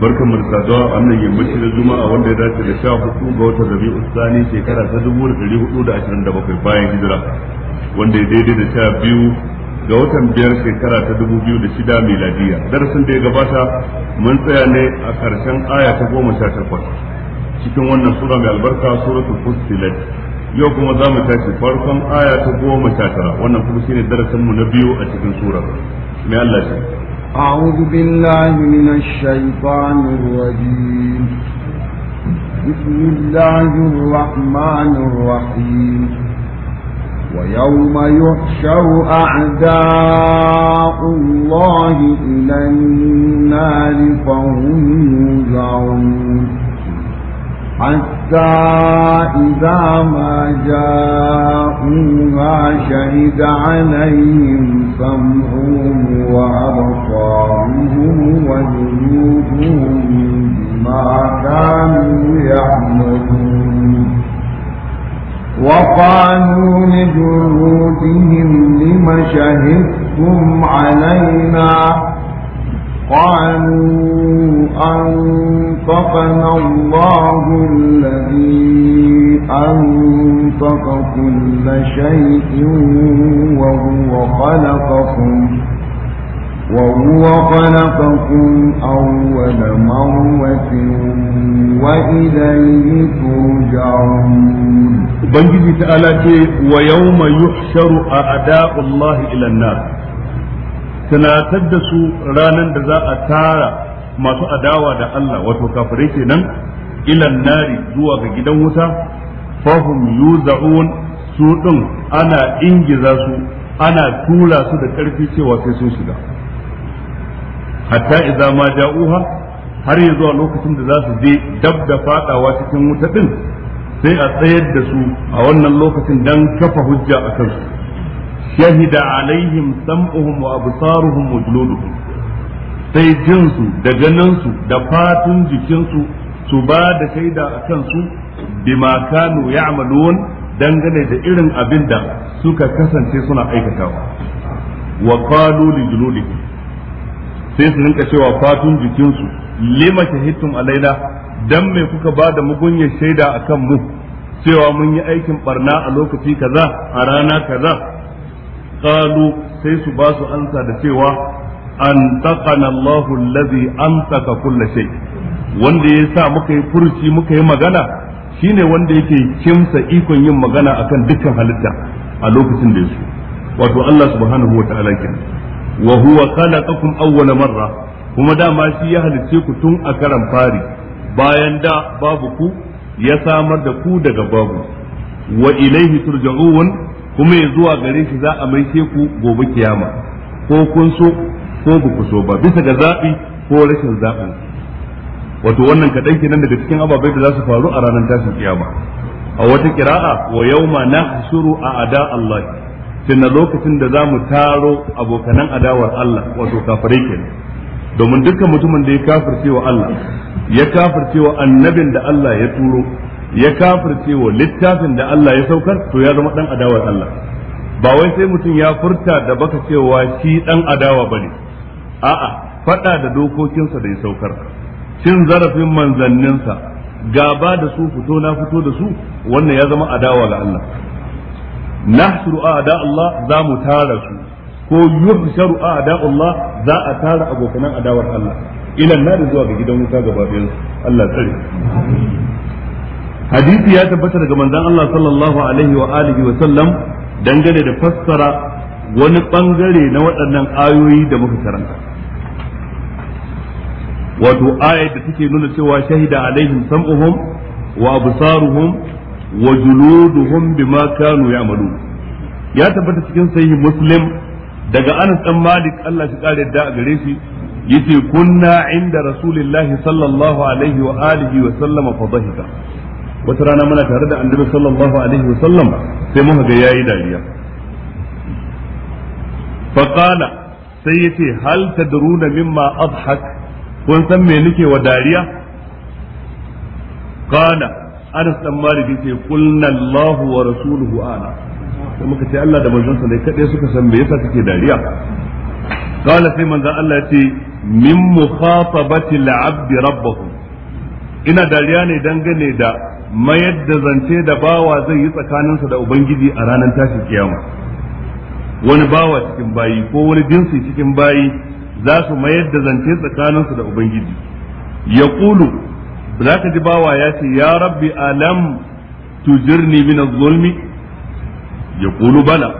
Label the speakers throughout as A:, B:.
A: barkan mu da saduwa a wannan yammaci na juma'a wanda ya dace da sha hudu ga watan rabi'u sani shekara ta dubu da dari hudu da ashirin da bakwai bayan hijira wanda ya daidai da sha biyu ga watan biyar shekara ta dubu biyu da shida miladiya darasin da ya gabata mun tsaya ne a karshen aya ta goma sha takwas cikin wannan sura mai albarka suratul fussilat yau kuma za mu tashi farkon aya ta goma sha tara wannan kuma shine darasin mu na biyu a cikin sura mai Allah shi
B: أعوذ بالله من الشيطان الرجيم بسم الله الرحمن الرحيم ويوم يحشر أعداء الله إلى النار فهم يوزعون حتى إذا ما جاءوها شهد عليهم سمعهم وأبصارهم وجنودهم بما كانوا يعملون وقالوا لجنودهم لم شهدتم علينا قالوا أنطقنا الله الذي أنطق كل شيء وهو خلقكم وهو خلقكم أول مرة
A: وإليه ترجعون بنجي تعالى ويوم يحشر أعداء الله إلى النار tunatar da su ranar da za a tara masu adawa da Allah wato kafirai kenan ilan nari zuwa ga gidan wuta fahum yuzaun su ɗin ana ingiza su ana tura su da ƙarfi cewa sai sun shiga hatta idan ma ja'uha har ya zuwa lokacin da za su je dab da fadawa cikin wuta ɗin, sai a tsayar da su a wannan lokacin dan kafa hujja a kansu shahida alaihim سمعهم وابصارهم وجلودهم sai jinsu da ganinsu da fatun jikinsu su ba da shaida a kansu bima kanu ya'malun dangane da irin abin da suka kasance suna aikatawa wa qalu li sai su rinka cewa fatun jikinsu lima shahidtum alaina dan me kuka ba da mugunyar shaida akan mu cewa mun yi aikin barna a lokaci kaza a rana kaza قالوا sai su basu ansa da cewa an taqana Allahu allazi amsaka wanda ya sa muka yi furuci muka yi magana shine wanda yake kimsa ikon yin magana akan dukkan halitta a lokacin da yaso wato Allah subhanahu wataala kin wa huwa khalaqakum awwala marra kuma dama shi ya halice ku tun a karan fari bayan da babu ku ya samar da ku daga babu wa ilaihi turja'un kuma ya zuwa gare shi za a maishe ku gobe kiyama ko kun so ko ba ku so ba bisa ga zaɓi ko rashin zaɓin wato wannan kaɗan kenan daga cikin ababai da za su faru a ranar tashin kiyama a wata kira'a wa na nahshuru a ada Allah tunda lokacin da za mu taro abokanan adawar Allah wato kafirai kenan domin dukkan mutumin da ya kafirce wa Allah ya kafirce wa annabin da Allah ya turo ya kafirce wa littafin da Allah ya saukar to ya zama dan adawar Allah ba wai sai mutum ya furta da baka cewa shi dan adawa bane a'a fada da dokokinsa da ya saukar cin zarafin manzanninsa gaba da su fito na fito da su wannan ya zama adawa ga Allah nahsuru a'da Allah za mu tara su ko yuhsharu a'da Allah za a tara abokanan adawar Allah ilan na zuwa ga gidan wuta gaba Allah tsare hadisi ya tabbata daga manzon Allah sallallahu alaihi wa alihi wa sallam dangane da fassara wani bangare na waɗannan ayoyi da muka karanta wato ayat da take nuna cewa shahida alaihim sam'uhum wa absaruhum wa juluduhum bima kanu ya'malun ya tabbata cikin sahih muslim daga Anas dan Malik Allah shi kare da gare shi yace kunna inda rasulillahi sallallahu alaihi wa alihi wa sallama fadhahika wata rana muna tare da annabi sallallahu alaihi wasallam sai muka ga yayi dariya fa qala sai yace hal tadruna mimma adhak kun san me nake wa dariya qala anas dan malik yace qulna allah wa rasuluhu ana sai muka ce Allah da manzonsa ne kadai suka san me yasa kake dariya qala sai manzon Allah yace min mukhatabati al-abd rabbahu ina dariya ne dangane da mayar da zance da bawa zai yi tsakaninsa da ubangiji a ranar tashin kiyama wani bawa cikin bayi ko wani jinsi cikin bayi za su mayar da zance tsakaninsa da ubangiji ya kulu za ka ji bawa ya ce ya rabbi alam tujirni min zulmi ya kulu bala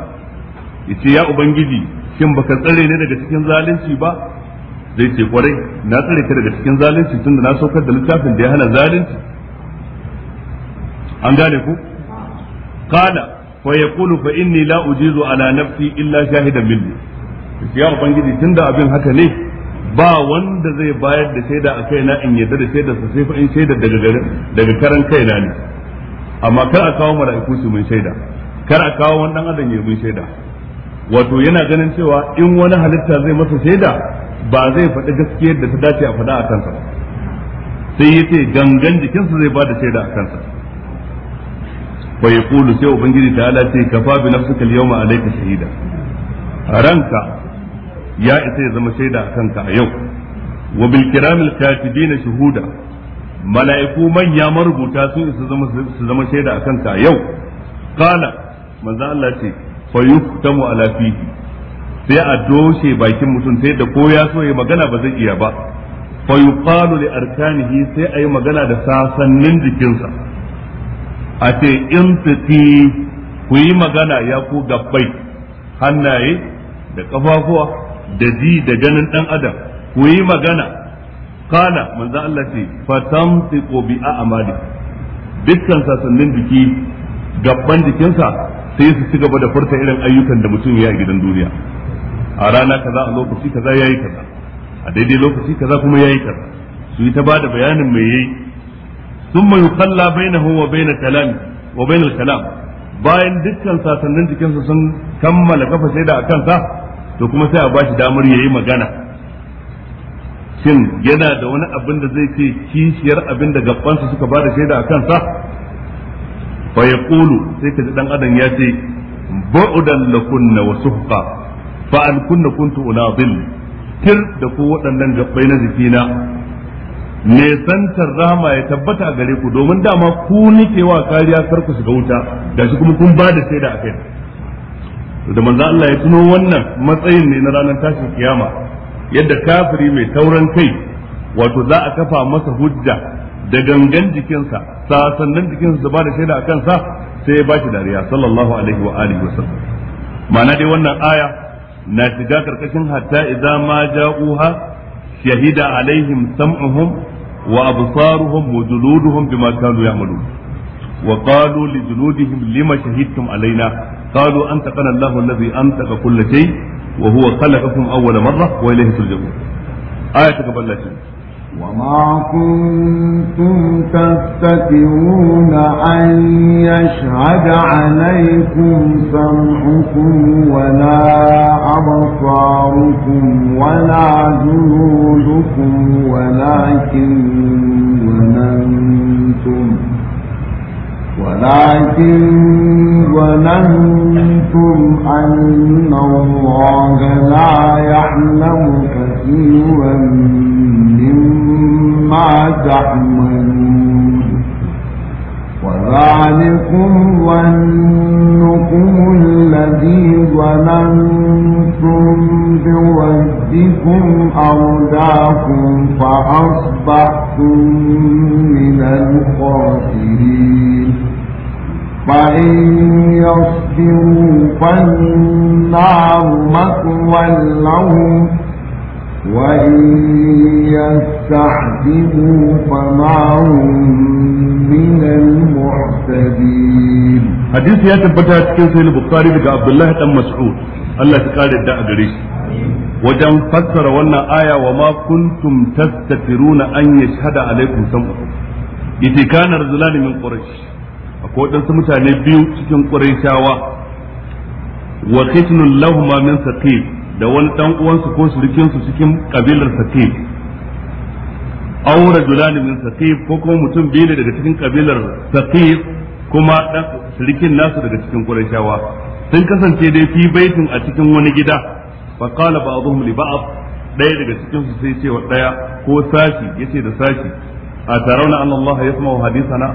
A: ce ya ubangiji shin baka tsare ne daga cikin zalunci ba zai ce kwarai na tsare ka daga cikin zalunci tunda na saukar da littafin da ya hana zalunci an gane ku Kada. fa yaqulu fa inni la ujizu ala nafsi illa shahidan minni ya ubangiji tunda abin haka ne ba wanda zai bayar da shaida a kaina in yadda da shaida sa sai fa in shaida daga daga karan kaina ne amma kar a kawo mala'iku su mun shaida kar a kawo wani dan adam ya mun shaida wato yana ganin cewa in wani halitta zai masa shaida ba zai faɗi gaskiyar da ta dace a faɗa a kansa sai ya ce gangan jikinsa zai ba da shaida a kansa fa yaqulu sai ubangiji ta ala sai kafa bi nafsika al alayka shahida ranka ya isa ya zama shaida a kanka a yau wa bil kiramil katibin shuhuda mala'iku manya marubuta sun isa zama su zama shaida a kanka a yau qala manzo Allah ce fa yuftamu ala fihi sai a doshe bakin mutum sai da ko ya so ya magana ba zai iya ba fa yuqalu li arkanihi sai ayi magana da sasannin jikinsa a ce in fiti ku yi magana ya ku gabbai hannaye da ƙafafuwa da ji da ganin ɗan adam ku yi magana kana manzan Allah ce fatamtiqu bi a'mali dukkan sasannin jiki gabban jikinsa sai su ci gaba da furta irin ayyukan da mutum ya yi gidan duniya a rana kaza a lokaci kaza yi kaza a daidai lokaci kaza kuma ya yayi kaza su yi ta bada bayanin mai yi. Sun yuqalla bainahu wa bain kalam wa kalam bayan dukkan sasannin jikinsa sun kammala kafa shaida a kansa to kuma sai a bashi damar yayi magana shin yana da wani abin da zai ce kishiyar abin da gabansa suka bada shaida a kansa fa sai ka ji dan adam ya ce ba'udan lakunna wa suhqa fa an kunna kuntu unadil tir da ku waɗannan gabbai na jikina Mai santar rahama ya tabbata a gare ku domin dama ku nike wa kariya kar ku shiga wuta shi kuma kun bada shaida akai da manzo Allah ya tuno wannan matsayin ne na ranar tashin kiyama yadda kafiri mai tauran kai wato za a kafa masa hujja da gangan jikinsa sasannan jikinsa da bada shaida akan sa sai ya bashi dariya sallallahu alaihi wa alihi wa sallam ma'ana dai wannan aya na shiga karkashin hatta izama ma ja'uha shahida alaihim sam'uhum wa absaruhum wa juluduhum bima kanu ya'malun wa qalu li juludihim lima shahidtum alaina qalu an Allahu alladhi antaqa kull shay wa huwa khalaqakum awwala marra wa ilayhi turja'un aya ta gaban lafiya
B: وما كنتم تستطيعون أن يشهد عليكم سمعكم ولا أبصاركم ولا جنودكم ولكن ظننتم ولكن ظننتم أن الله لا يعلم كثيرا ما تعملون وذلكم ظنكم الذي ظننتم بوجهكم أرداكم فأصبحتم من الخاسرين فإن يصبروا فالنار مثوى لهم وإن يستحزبوا فما هم من
A: المعتدين حديث يا تبتا cikin sahih bukhari daga abdullahi dan mas'ud Allah ya kare da gare shi wajen fassara wannan aya wa ma kuntum tastatiruna an yashhada alaikum sam'ukum yace kana rajulani min quraish akwai wadansu mutane biyu cikin qurayshawa wa khitnun lahum min saqib da wani dan uwansu ko surukinsu cikin kabilar Saqif aw rajulani min Saqif ko kuma mutum biyu daga cikin kabilar Saqif kuma dan surukin nasu daga cikin Qurayshawa sun kasance dai fi baitin a cikin wani gida fa qala ba'dhum li ba'd daya daga cikin su sai ce wa daya ko sashi yace da sashi a tarauna anna Allah yasma'u hadithana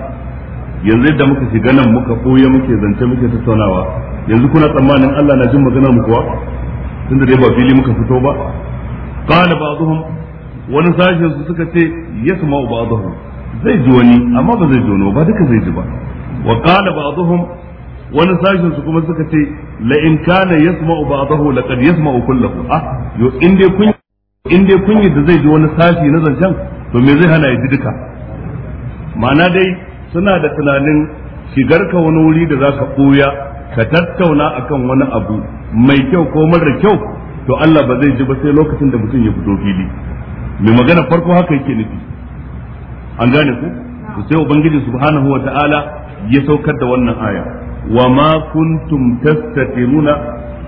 A: yanzu yadda muka shiga nan muka boye muke zance muke tattaunawa yanzu kuna tsammanin Allah na jin magana mu kuwa tunda dai ba fili muka fito ba qala ba'dhum wani sashin su suka ce yasma'u ba'dhum zai ji wani amma ba zai ji wani ba duka zai ji ba wa qala ba'dhum wani sashin su kuma suka ce la in kana yasma'u ba'dahu laqad yasma'u kulluhu ah yo in dai kun in dai kun da zai ji wani sashi na zancen to me zai hana ya ji duka ma'ana dai suna da tunanin shigar ka wani wuri da zaka ɓuya ka tattauna a kan wani abu mai kyau ko mara kyau to Allah ba zai ji ba sai lokacin da mutum ya fito fili mai magana farko haka yake nufi an gane ku to sai ubangiji subhanahu ta'ala ya saukar da wannan aya wa ma kuntum tastatiruna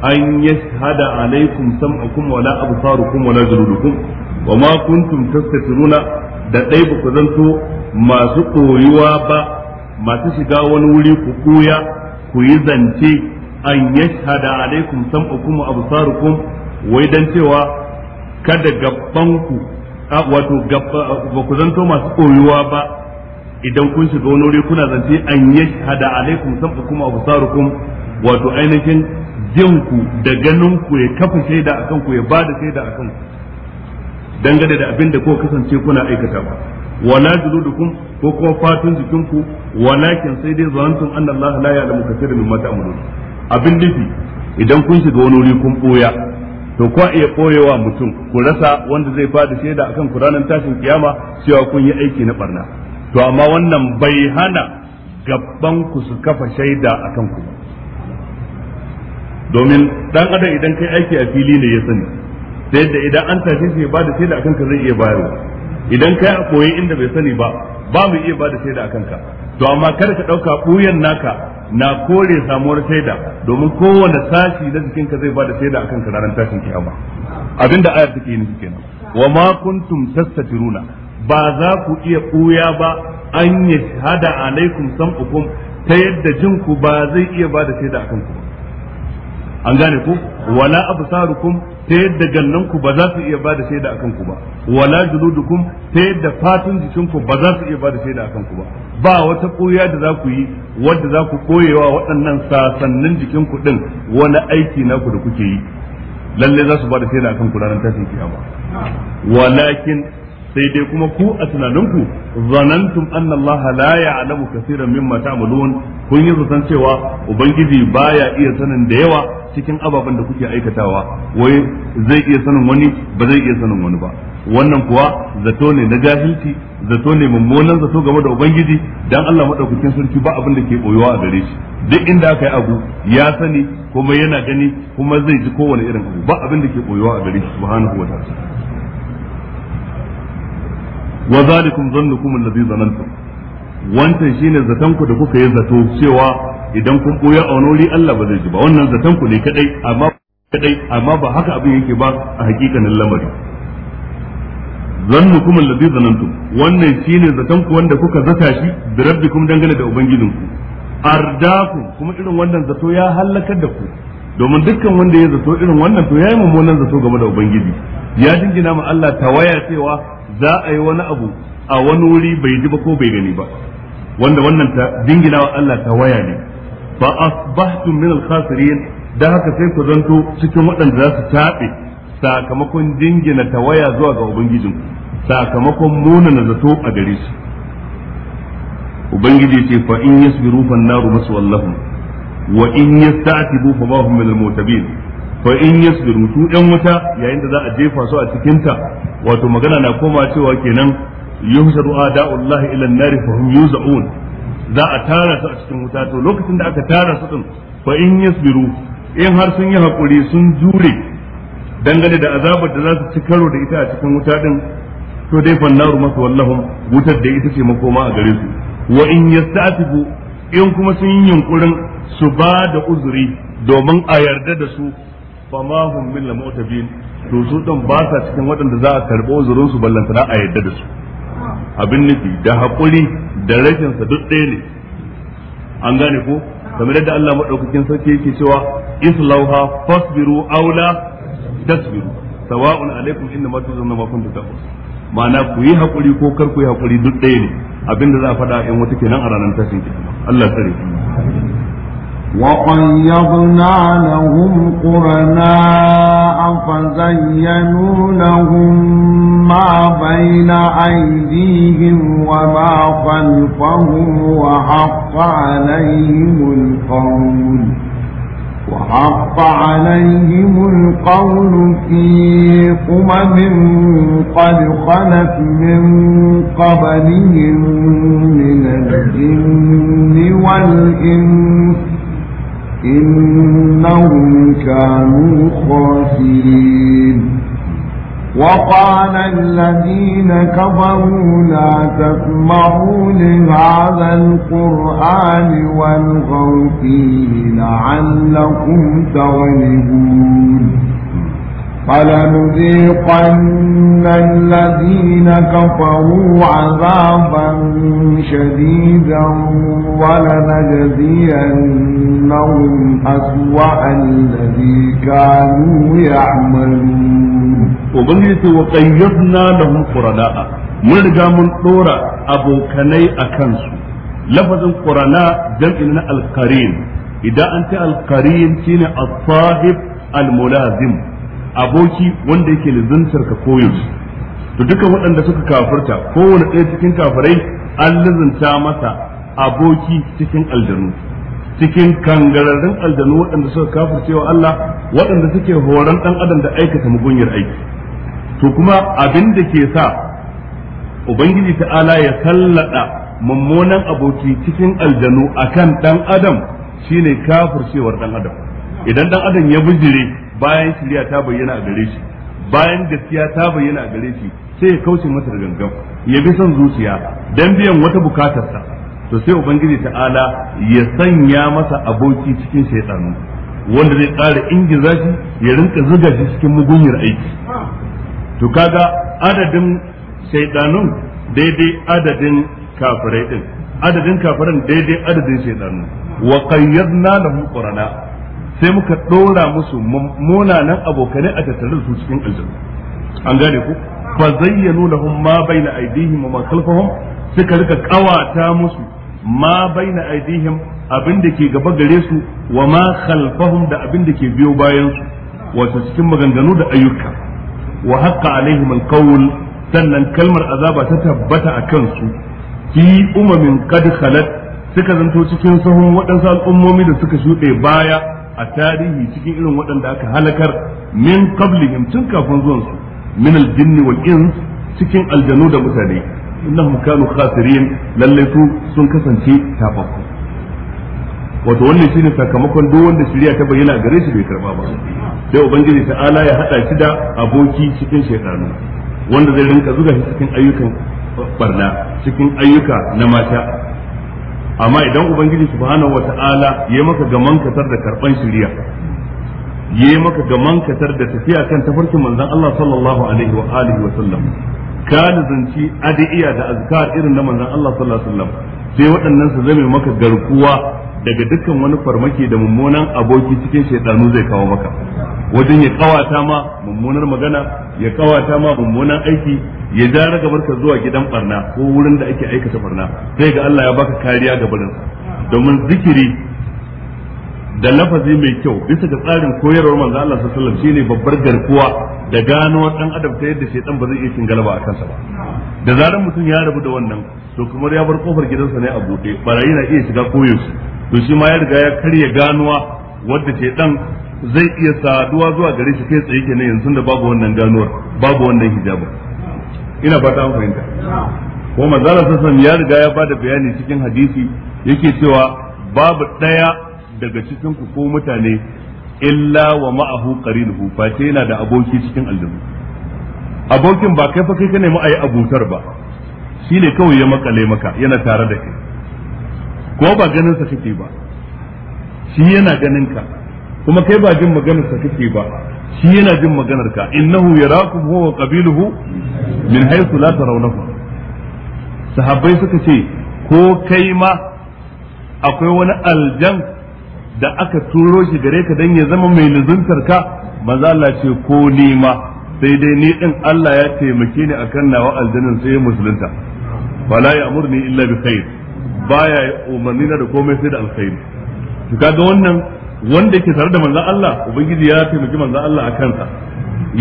A: an yashhada alaikum sam'ukum wala absarukum wala juludukum wa ma kuntum tastatiruna da dai ba ku zanto masu koyuwa ba masu shiga wani wuri ku koya ku yi zance an yashhada alaikum sam'ukum wa absarukum wai dan cewa kada gaban ku wato ba ku zanto masu koyuwa ba idan kun shiga wani wuri kuna zance an yashhada alaikum sam'ukum wa absarukum wato ainihin jinku da ganin ku ya kafa shaida akan ku ya bada shaida akan ku dangane da abin da kuka kasance kuna aikata ba wala juludukum ko kuma fatun jikinku walakin sai dai zantum anna Allah la ya'lamu kaseeran mimma ta'malun abin nufi idan kun shiga wani wuri kun boya to ko iya boyewa mutum ku rasa wanda zai fada shaida akan ranar tashin kiyama cewa kun yi aiki na barna to amma wannan bai hana gabban ku su kafa shaida akan ku domin dan adam idan kai aiki a fili ne ya sani sai da idan an tashi shi ba da shaida akan ka zai iya bayarwa idan kai a koyi inda bai sani ba ba mu iya ba da shaida a kanka to amma kada ka ɗauka ɓuyan naka na kore samuwar shaida domin kowane sashi na jikinka zai ba da shaida a kanka ranar tashin kiyama abinda ayar take nufi kenan wa ma kuntum tastatiruna ba za ku iya ɓuya ba an yi shahada alaikum sam'ukum ta yadda jinku ba zai iya ba da shaida a kanku ba an gane ku wala absarukum ta yadda gannan ku ba za su iya bada shaida akan ku ba wala juludukum ta yadda fatun jikin ku ba za su iya bada shaida akan ku ba ba wata koya da za ku yi wadda za ku koyewa waɗannan sasannin jikin ku din wani aiki ku da kuke yi lalle za su bada shaida akan ku ranar tashin kiyama walakin sai dai kuma ku a tunaninku zanantum annallaha la ya'lamu kaseeran mimma ta'malun kun yi zaton cewa ubangiji baya iya sanin da yawa cikin ababen da kuke aikatawa wai zai iya sanin wani ba zai iya sanin wani ba wannan kuwa zato ne na jahilci zato ne mummunan zato game da ubangiji dan Allah madaukakin sarki ba abin da ke boyuwa a gare shi duk inda aka yi abu ya sani kuma yana gani kuma zai ji kowane irin abu ba abin da ke boyuwa a gare shi subhanahu wa ta'ala wa zalikum zannukum alladhi zanantum wancan shine ku da kuka yi zato cewa idan kun koya a wani wuri Allah ba zai ji ba wannan zaton ku ne kadai amma kadai amma ba haka abin yake ba a hakikanin lamari kuma alladhi zanantum wannan shine zaton ku wanda kuka zata shi bi rabbikum dangane da Arda ardaku kuma irin wannan zato ya halakar da ku domin dukkan wanda ya zato irin wannan to yayi mummunan zato game da ubangiji ya dingina ma Allah tawaya cewa za a yi wani abu a wani wuri bai ji ba ko bai gani ba wanda wannan ta dingina wa Allah tawaya ne fa asbahtum min al-khasirin da haka sai ku zanto cikin waɗanda za su tabe sakamakon jingina tawaya zuwa ga ubangijin sakamakon munana zato a gare su ubangiji ce fa in yasbiru fa naru maswallahum wa in yasta'tibu fa ma hum min al fa in yasbiru su ɗan wuta yayin da za a jefa su a cikin ta wato magana na koma cewa kenan yuhsaru ada'ullahi ila an-nari fa hum yuz'un za a tara su a cikin wuta to lokacin da aka tara su din fa in yasbiru in har sun yi hakuri sun jure dangane da azabar da za su ci karo da ita a cikin wuta din to dai naru masu wallahum wutar da ita ce makoma a gare su wa in yasta'tibu in kuma sun yi yunkurin su ba da uzuri domin a yarda da su ma hum min lamutabin to su don ba sa cikin waɗanda za a karɓo uzurin su ballantana a yarda da su abin nufi da hakuri. da rashin sa duk ɗaya ne an gane ko kamar yadda Allah madaukakin sarki yake cewa islauha fasbiru aula tasbiru sawa'un alaikum inna ma tuzunna ma kuntum ta'malun ma'ana ku yi hakuri ko kar ku yi hakuri duk ɗaya ne abinda za a faɗa in wata kenan a ranar tashin Allah وقيضنا
B: لهم قرناء فزينوا لهم ما بين أيديهم وما خلفهم وحق عليهم القول وحق عليهم القول في قمم قد خلت من قبلهم من الجن والإنس إنهم كانوا خاسرين وقال الذين كفروا لا تسمعوا لهذا القرآن والغوا فيه لعلكم تغلبون فلنذيقن الذين كفروا عذابا شديدا ولنجزينهم أسوأ
A: الذي كانوا يعملون وبنيت وقيضنا لهم قرناء من رجا من دورة أبو كني أكنسو لفظ قرناء جمعنا القرين إذا أنت القرين شين الصاحب الملازم aboki wanda yake lizantar ka koyaushe to waɗanda suka kafirta kowane ɗaya cikin kafirai an lizanta masa aboki cikin aljanu cikin kangararrun aljanu waɗanda suka wa Allah waɗanda suke horon ɗan adam da aikata mugunyar aiki to kuma abin da ke sa ubangiji ta'ala ya sallada mummunan aboki cikin aljanu akan ɗan adam shine kafircewar ɗan adam idan ɗan adam ya bijire bayan shirya ta bayyana a gare shi bayan gaskiya ta bayyana a gare shi sai ya kauce masa da gangan ya bi son zuciya dan biyan wata bukatarsa to sai ubangiji ta'ala ya sanya masa aboki cikin shaytanu wanda zai ƙara ingiza shi ya rinka zuga shi cikin mugunyar aiki to kaga adadin shaidanun daidai adadin kafirai din adadin kafiran daidai adadin shaidanun wa qayyadna lahum qurana sai muka ɗora musu munanan abokane a tattare su cikin aljanna an gane ku fa zayyanu lahum ma baina aydihim wa ma khalfahum suka rika kawata musu ma baina aydihim abin da ke gaba gare su wa ma khalfahum da abin da ke biyo bayan su wato cikin maganganu da ayyuka wa haqqa alaihim alqawl sannan kalmar azaba ta tabbata a kansu fi umamin qad khalat suka zanto cikin sahun waɗansu al'ummomi da suka shuɗe baya a tarihi cikin irin waɗanda aka halakar min qablihim tun kafin zuwan su min aljinni wal ins cikin aljanu da mutane innahum kanu khasirin lalle su sun kasance tabakku wato wannan shine sakamakon duk wanda shirya ta bayyana gare shi bai karba ba sai ubangiji ta'ala ya hada shi da aboki cikin shekaru. wanda zai rinka zuga shi cikin ayyukan barna cikin ayyuka na mata amma idan ubangiji subhanahu wataala ya maka gaman kasar da karban shiriya ya maka gaman kasar da tafiya kan tafarkin manzon Allah sallallahu alaihi wa alihi wa sallam ka zanci adiya da azkar irin na manzon Allah sallallahu alaihi wa sallam sai waɗannan su zame maka garkuwa daga dukkan wani farmaki da mummunan aboki cikin shaidanu zai kawo maka wajen ya kawata ma mummunar magana ya kawata ma mummunan aiki ya ja ragabar ka zuwa gidan barna ko wurin da ake aikata barna sai ga Allah ya baka kariya ga barin domin zikiri da lafazi mai kyau bisa ga tsarin koyarwar manzo Allah sallallahu alaihi wasallam shine babbar garkuwa da gano dan adam ta yadda shaytan ba zai iya cin galaba a kansa ba da zarar mutum ya rabu da wannan to kamar ya bar kofar gidansa ne a buɗe barayi na iya shiga koyaushe to shi ma ya riga ya karya ganuwa wadda ce dan zai iya saduwa zuwa gare shi kai tsaye kenan yanzu da babu wannan ganuwar babu wannan hijabin ina fata an fahimta ko manzala sassan ya riga ya bada bayani cikin hadisi yake cewa babu daya daga cikin ku ko mutane illa wa ma'ahu qarinuhu fa yana da aboki cikin aljanna abokin ba kai fa kai ka nemi a yi abutar ba shi ne kawai ya makale maka yana tare da kai ko ba ganin sa kake ba shi yana ganin ka kuma kai ba jin maganar sa kake ba shi yana jin maganar ka innahu yarakum huwa qabiluhu min haythu la tarawnahu sahabbai suka ce ko kai ma akwai wani aljan da aka turo shi gare ka dan ya zama mai nuzuntar ka maza Allah ce ko ni ma sai dai ni din Allah ya taimake ni akan nawa aljannin sai musulunta wala ya amurni illa bi khair baya umarni na da komai sai da alkhairi to kaga wannan wanda yake tare da manzon Allah ubangiji ya taimaki manzon Allah akan sa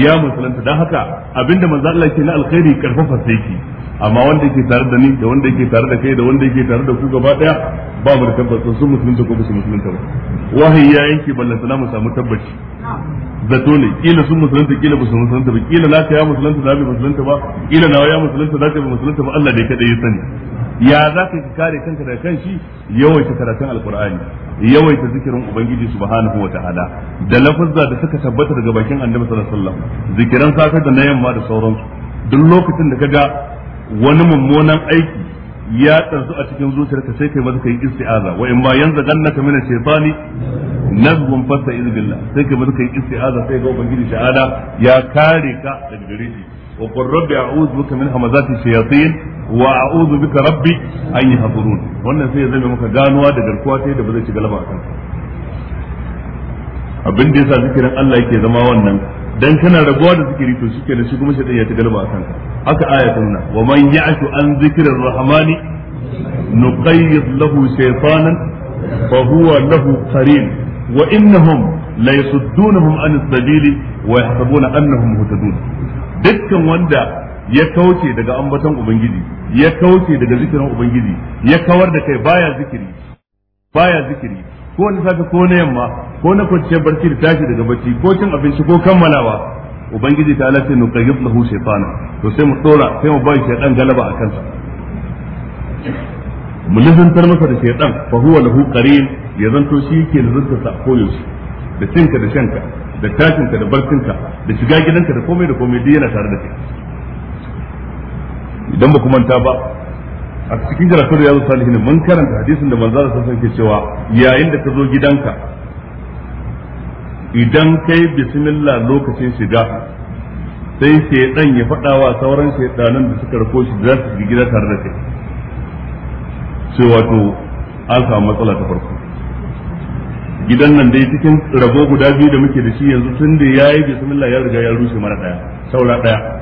A: ya musulunta dan haka abinda manzo Allah ke na alkhairi karfafa sai ki amma wanda yake tare da ni da wanda yake tare da kai da wanda yake tare da ku gaba daya ba mu da tabbacin sun musulunta ko ba su musulunta ba wahayi ya yanke ballanta na mu samu tabbaci zato ne kila sun musulunta kila ba su musulunta ba kila na ta ya musulunta na ba musulunta ba kila nawa ya musulunta na ta musulunta ba Allah ne kada ya sani ya za ka kare kanka da kan shi yawaita karatun alkur'ani yawaita zikirin ubangiji subhanahu wa ta'ala da lafazza da suka tabbata daga bakin annabi sallallahu zikiran safe da na yamma da sauransu duk lokacin da kaga wani mummunan aiki ya tsarsu a cikin zuciyarka sai kai maza kai isti'aza wa in ba yanzu gannaka mina shaytani nazbun fasta iz billah sai kai maza kai isti'aza sai ga ubangiji shahada ya kare ka daga gare shi wa qur rabbi a'udhu bika min hamazati shayatin wa a'udhu bika rabbi an yahdurun wannan sai ya zame maka ganuwa da garkuwa sai da ba zai ci galaba akan abin da yasa zikirin Allah yake zama wannan dan kana rabuwa da zikiri to shike da shi kuma shi ya ta galba a kanka haka aya ta wa man ya'shu an zikrir rahmani nuqayyid lahu shaytanan fa huwa lahu qarin wa innahum la yasuddunhum an as-sabili wa yahsabuna annahum muhtadun dukkan wanda ya kauce daga ambaton ubangiji ya kauce daga zikirin ubangiji ya kawar da kai baya zikiri baya zikiri ko wani safe ko na yamma ko na kwanciyar barci da tashi daga bacci ko cin abinci ko kammalawa ubangiji ta alaƙa nuka yi lahu shaytana to sai mu tsora sai mu bai shaytan galaba a kansa mu lizantar masa da shaytan fa huwa lahu qarin ya zanto shi yake lizantar sa ko yaushe da cinka da shanka da tashinka da barcinka da shiga gidanka da komai da komai duk yana tare da kai idan ba ku manta ba a cikin da ya zo salihin mun karanta hadisin da manzara Allah sun ke cewa yayin da ka zo gidanka idan kai bismillah lokacin shiga sai shaidan ya faɗa wa sauran shaidanan da suka rako shi za su shiga gida tare da kai sai wato an samu matsala ta farko gidan nan dai cikin rabo guda biyu da muke da shi yanzu tun da yayi bismillah ya riga ya rushe mara daya saura daya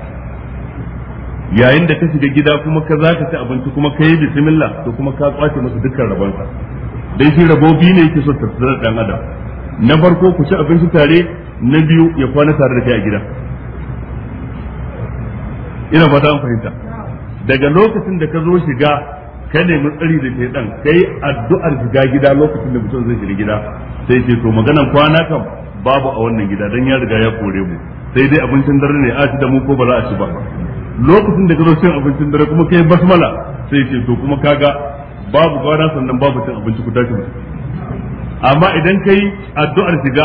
A: yayin da ka shiga gida kuma ka zaka ci abinci kuma ka yi bismillah to kuma ka kwace masa dukkan rabonsa dai shi rabobi ne yake so tattara dan adam na farko ku ci abinci tare na biyu ya kwana tare da kai a gida ina fata an fahimta daga lokacin da ka zo shiga ka nemi tsari da ke dan kai addu'ar shiga gida lokacin da mutum zai shiga gida sai ce to maganan kwana kam babu a wannan gida dan ya riga ya kore mu sai dai abincin dare ne a ci da mu ko ba za a ci ba lokacin da ka zo cin abincin dare kuma kai basmala sai ce to kuma kaga babu gwana sannan babu cin abinci ku tashi amma idan kai addu'ar shiga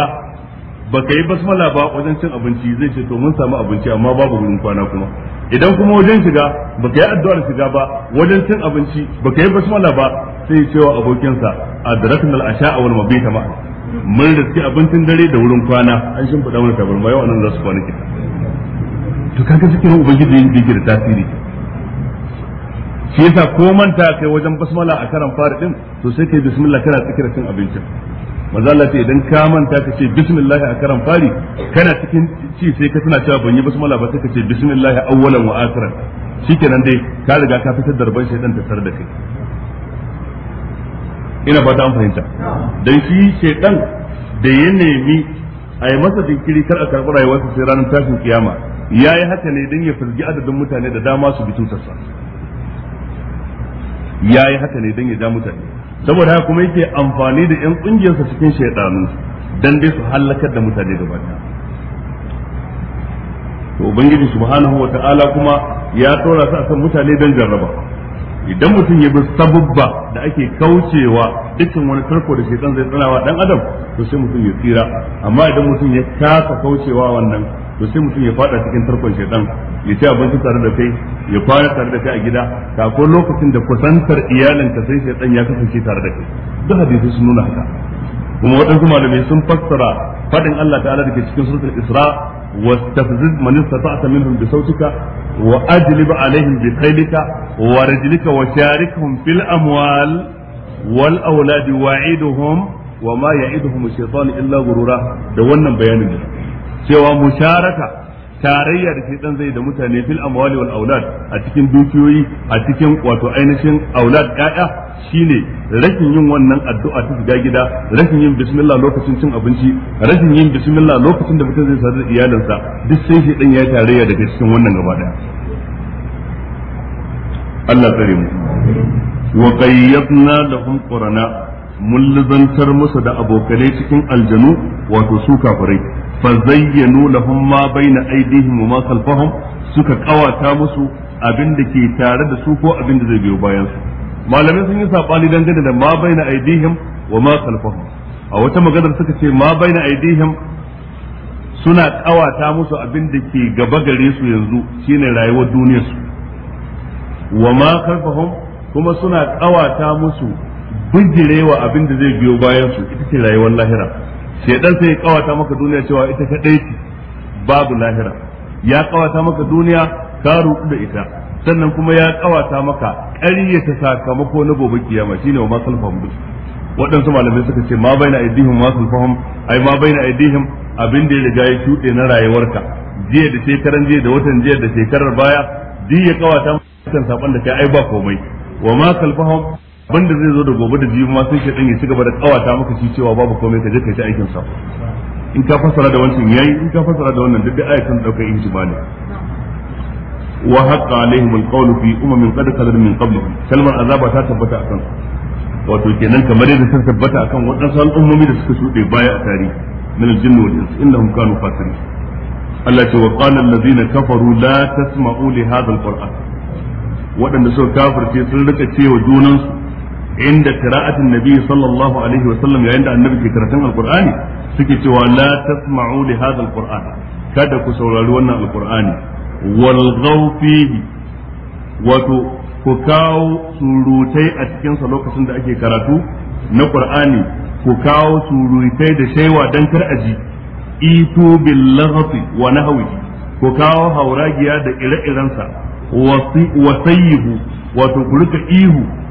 A: ba ka yi basmala ba wajen cin abinci zai ce to mun samu abinci amma babu wurin kwana kuma idan kuma wajen shiga ba ka yi addu'ar shiga ba wajen cin abinci ba ka yi basmala ba sai ce wa abokinsa adraknal asha'a wal mabita ma mun riski abincin dare da wurin kwana an shimfiɗa mana tabarma yau anan za su kwana kita to kaga zikirin ubangiji yin yake da tasiri shi yasa ko manta kai wajen basmala a karan fara din to sai kai bismillah kana tsikira cin abincin maza Allah ce idan ka manta ka ce bismillah a karan fari kana cikin ci sai ka tana cewa ban yi basmala ba sai ka ce bismillah awwalan wa akhiran shikenan dai ka riga ka fitar da rabon shaydan ta sar da kai ina ta an fahimta dan shi shaydan da ya nemi a yi masa jinkiri kar a karɓi rayuwarsa sai ranar tashin kiyama ya yi haka ne don ya firgi adadin mutane da dama su bi cutarsa ya yi haka ne don ya ja mutane saboda haka kuma yake amfani da 'yan kungiyarsa cikin shaidanu don dai su hallakar da mutane bata to ubangiji subhanahu wa ta'ala kuma ya tsora su a akan mutane don jarraba idan mutum ya bi sabubba da ake kaucewa dukkan wani tarko da shaitan zai tsanawa dan adam to sai mutum ya tsira amma idan mutum ya kasa kaucewa wannan to sai mutum ya fada cikin tarkon shaitan ya ci abinci tare da kai ya fara tare da kai a gida ta ko lokacin da kusantar iyalin ka sai shaitan ya kasance tare da kai duk hadisi sun nuna haka kuma waɗansu malamai sun fassara fadin Allah ta'ala da ke cikin suratul Isra واستفزز bi sautika منهم بصوتك وأجلب عليهم بخيلك ورجلك wal في الأموال والأولاد وعيدهم وما يعدهم الشيطان illa غرورا da wannan bayanin cewa musharaka tarayya da dan zai da mutane fil amwali wal aulad a cikin dukiyoyi a cikin wato ainihin aulad 'ya'ya shine rashin yin wannan addu'a ta shiga gida rashin yin bismillah lokacin cin abinci rashin yin bismillah lokacin da mutum zai sadu da iyalinsa duk sai dan ya tarayya daga cikin wannan gaba daya Allah tsare mu wa qayyadna lahum qurana mun musu da abokanai cikin aljanu wato su kafirai fa zayyanu lahum ma baina aydihim wa ma khalfahum suka kawata musu abin da ke tare da su ko abin da zai biyo bayan su malamai sun yi sabani dangane da ma baina aydihim wa ma khalfahum a wata maganar suka ce ma baina aydihim suna kawata musu abin da ke gaba gare su yanzu shine rayuwar duniyar su wa ma khalfahum kuma suna kawata musu bijirewa abin da zai biyo bayan su ita ce rayuwar lahira shedan sai ya kawata maka duniya cewa ita kadai ce babu lahira ya kawata maka duniya ka rudu da ita sannan kuma ya kawata maka ƙaryata sakamako na gobe kiyama shine wa masalfahum bi waɗansu malamai suka ce ma baina aidihim masalfahum ai ma baina aidihim abin da ya riga ya shuɗe na rayuwarka jiya da shekaran jiya da watan jiya da shekarar baya duk ya kawata maka saban da kai ai ba komai wa ma kalfahum banda zai zo da gobe da biyu ma sai shi ya ci da kawata maka shi cewa babu komai ka je ka ta aikin sa in ka fassara da wancan yayi in ka fassara da wannan duk da ayatan daukar injima ne wa haqqa alaihim alqawlu fi umamin qad khalat min qablihim kalmar azaba ta tabbata akan wato kenan kamar yadda ta tabbata akan waɗansu al'ummomi da suka shuɗe baya a tarihi min aljinni wal ins innahum kanu fasiqin Allah ce wa qala allazina kafaru la tasma'u li hadha alquran waɗanda suka kafirce sun rika cewa junansu inda qira'atin nabi sallallahu alaihi wa sallam yayin da annabi ke karatun alqur'ani suke cewa la tasma'u li hadha alqur'an kada ku saurari wannan alqur'ani wal fihi wato ku kawo surutai a cikin sa lokacin da ake karatu na ƙur'ani, ku kawo surutai da shaiwa dan kar aji itu bil laghfi wa nahwihi ku kawo hauragiya da ire-irensa wasayyihu wato ku rika ihu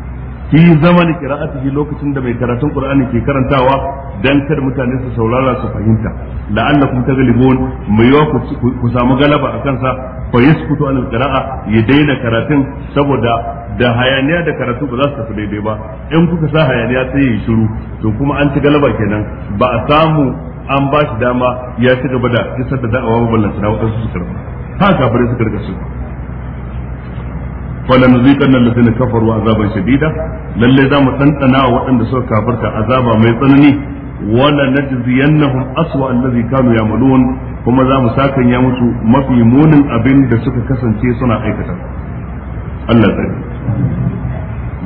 A: fi zaman qira'atihi lokacin da mai karatun qur'ani ke karantawa dan kada mutane su saurara su fahimta la'allakum taglibun mai yawa ku samu galaba a kansa fa yaskutu an qira'a ya daina karatun saboda da hayaniya da karatu ba za su tafi daidai ba in kuka sa hayaniya sai ya shiru to kuma an ci galaba kenan ba a samu an ba shi dama ya ci gaba da kisar da za a ba na waɗansu su karɓa haka bari su karkasu falan ziqanna kafarwa kafaru azaban shadida Lallai za mu tantana waɗanda suka kafirta azaba mai tsanani wala najziyannahum aswa allazi kanu yamalun kuma za mu sakan ya musu mafi munin abin da suka kasance suna aikata Allah tsari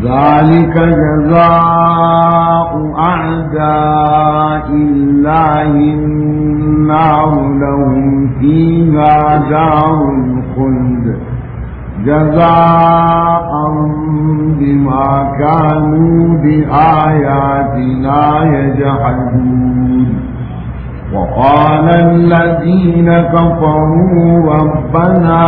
A: ذلك
B: جزاء أعداء الله النار لهم فيها دار الخلد جزاء بما كانوا بآياتنا يجحدون وقال الذين كفروا ربنا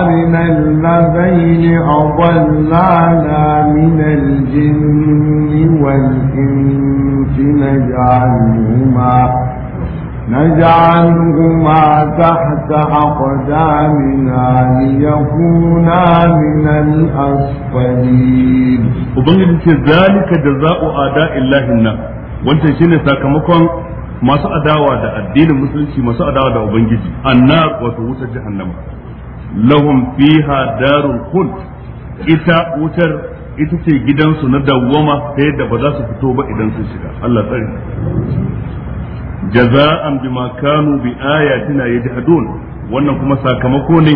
B: أرنا الذين أضلانا من الجن والإنس نجعلهما نجعلهما تحت أقدامنا
A: ليكونا من الأسفلين وبنجد ذلك جزاء أداء الله النار wancan shine sakamakon masu adawa da addinin musulunci masu adawa da ubangiji annar wato wutar jahannama lahum fiha darul khuld ita wutar ita ce gidansu na dawwama ta yadda ba za su fito ba idan sun shiga Allah tsare jaza'an bima kanu bi ayatina yajhadun wannan kuma sakamako ne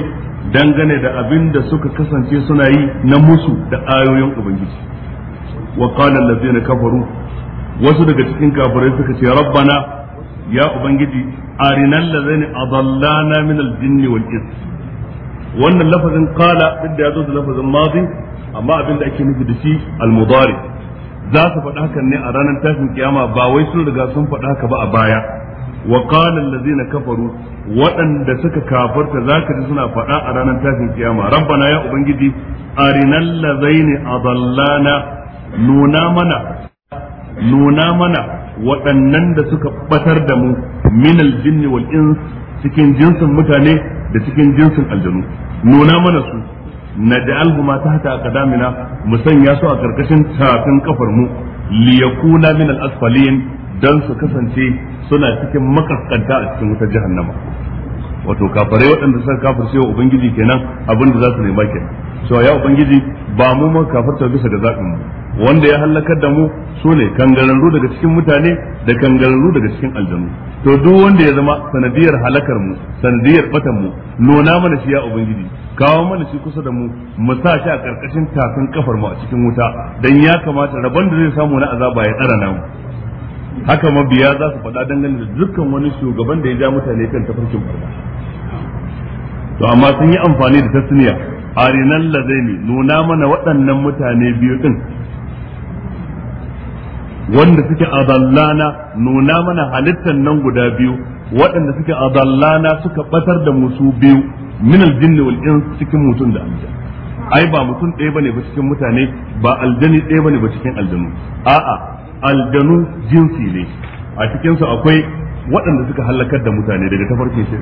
A: dangane da abin da suka kasance suna yi na musu da ayoyin ubangiji wa qala allazina kafaru wasu daga cikin kafirai suka ce rabbana ya ubangiji arinal ladzina adallana min aljinni wal ins wannan lafazin qala duk da yazo da lafazin madi amma abin da ake nufi da shi al mudari za su faɗa hakan ne a ranar tashin kiyama ba wai sun riga sun faɗa haka ba a baya wa qala allazina kafaru waɗanda suka kafarta zaka ji suna faɗa a ranar tashin kiyama rabbana ya ubangiji arinal lazaini adallana nuna mana nuna mana waɗannan da suka batar da mu min aljinni wal ins cikin jinsin mutane da cikin jinsin aljanu nuna mana su Na naj'alhuma tahta damina mu sanya su a karkashin tafin kafar mu liyakuna min al-asfalin dan su kasance suna cikin makaskanta a cikin wutar jahannama wato kafare waɗanda suka kafirce wa ubangiji kenan abin da za su nema kenan so ya ubangiji ba mu mun ta bisa ga zaɓin mu wanda ya halakar da mu su ne kangararru daga cikin mutane da kangararru daga cikin aljanu to duk wanda ya zama sanadiyar halakar mu sanadiyar batan mu nuna mana shi ya ubangiji kawo mana shi kusa da mu mu sa shi a karkashin tafin kafar mu a cikin wuta dan ya kamata rabon da zai samu na azaba ya tsara namu haka mabiya za su faɗa dangane da dukkan wani shugaban da ya ja mutane kan tafarkin barna to amma sun yi amfani da tasniya arinan lazaini nuna mana waɗannan mutane biyu din wanda suke azallana nuna mana halittan nan guda biyu waɗanda suke azallana suka batar da musu biyu min aljinni wal ins cikin mutum da aljan ai ba mutum ɗaya bane ba cikin mutane ba aljani ɗaya bane ba cikin aljanu a'a aljanu jinsi ne a cikin su akwai waɗanda suka halakar da mutane daga tafarkin shi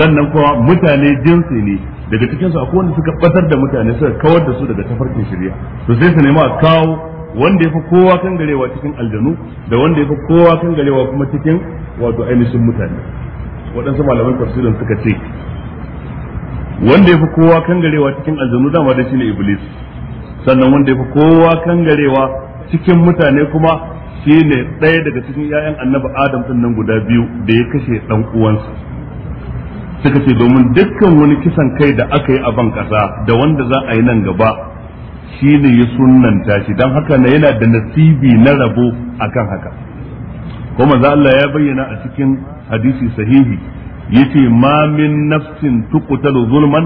A: sannan kuma mutane jinsi ne daga cikin su akwai wanda suka batar da mutane suka kawar da su daga tafarkin shari'a to sai su a kawo wanda ya fi kowa kan garewa cikin aljanu da wanda ya fi kowa kan garewa kuma cikin wato ainihin mutane waɗansu malaman tafsirin suka ce wanda yafi kowa kangarewa cikin aljanu dama da shi ne iblis sannan wanda yafi kowa kangarewa cikin mutane kuma shi ne ɗaya daga cikin 'ya'yan annabi adam din nan guda biyu da ya kashe ɗan uwansa suka ce domin dukkan wani kisan kai da aka yi a ban kasa da wanda za a yi nan gaba shi ne ya sunanta shi dan haka na yana da nasibi na rabo akan haka kuma za Allah ya bayyana a cikin hadisi sahihi yace ma min nafsin tuqtalu zulman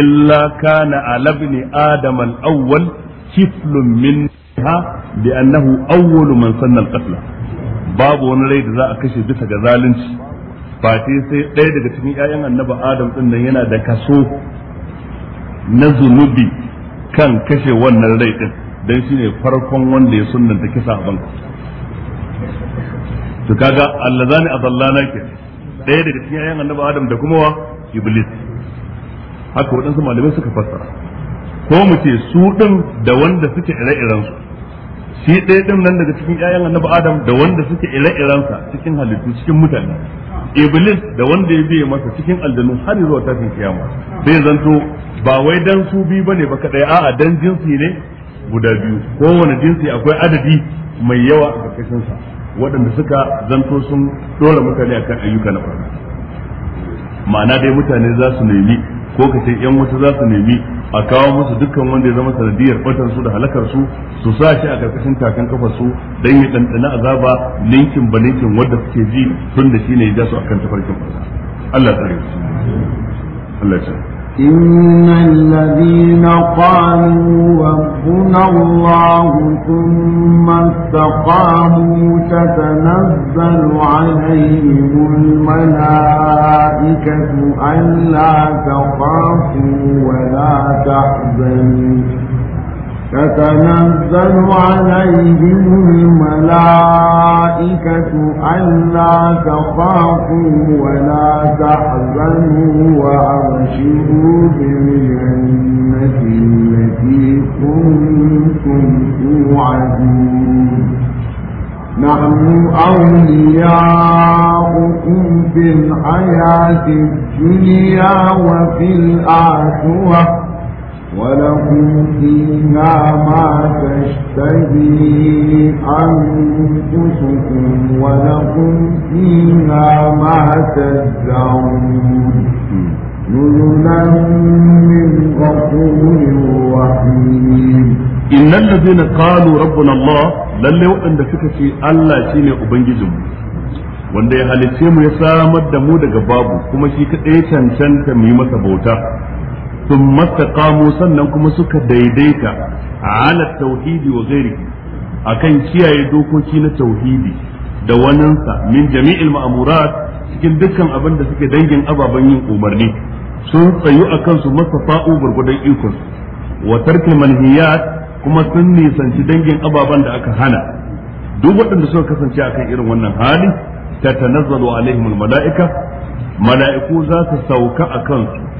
A: illa kana ala ibn adam al-awwal kiflun minha bi annahu awwal man sanna al babu wani rai da za a kashe bisa ga zalunci fati sai ɗaya daga cikin ƴaƴan annabi adam din nan yana da kaso na zunubi kan kashe wannan rai din dan shine farkon wanda ya sunnanta kisa a banka to kaga allazani adallana kenan ɗaya daga cikin ayyan annabi adam da kuma wa iblis haka waɗansu malamai suka fassara ko mu ce su ɗin da wanda suke ire-irensu shi ɗaya ɗin nan daga cikin ƴaƴan annabi adam da wanda suke ire-irensa cikin halittu cikin mutane iblis da wanda ya biye masa cikin aljanu har zuwa tafin kiyama zai zanto ba wai dan su bi bane ba kadai a'a dan jinsi ne guda biyu kowane jinsi akwai adadi mai yawa a ƙarƙashin sa waɗanda suka zanto sun ɗora mutane akan ayyuka na farko ma'ana dai mutane za su nemi ko ka ce yan wata za su nemi a kawo musu dukkan wanda ya zama sanadiyar batar su da halakar su su sa shi a karkashin takan kafarsu su dan ya dandana azaba ninkin ba ninkin wanda suke ji tun da shi ne ya ja su akan tafarkin Allah tsare Allah
C: إن
B: الذين قالوا ربنا الله ثم استقاموا تتنزل عليهم الملائكة ألا تخافوا ولا تحزنوا تتنزل عليهم الملائكة ألا تخافوا ولا تحزنوا وأبشروا بالجنة التي كنتم توعدون نحن أولياؤكم في الحياة الدنيا وفي الآخرة ولكم فيها ما تشتهي أنفسكم ولكم فيها ما تدعون نزلا من غفور رحيم
A: إن الذين قالوا ربنا الله لن يؤمن بفكرة الله شيء أبنجزم wanda ya halice mu ya samar da mu daga babu kuma shi kaɗai cancanta mu yi masa bauta sun mastaqamu sannan kuma suka daidaita ala tauhidi wa ghairihi akan kiyaye dokoki na tauhidi da waninsa min jami'il ma'amurat cikin dukkan abin da suke dangin ababen yin umarni sun tsayu kansu masa mastafa'u gurgudan ikon wa tarkil manhiyat kuma sun nisanci dangin ababen da aka hana duk waɗanda suka kasance akan irin wannan hali tatanazzalu alaihim mala'ika. mala'iku za su sauka a kansu.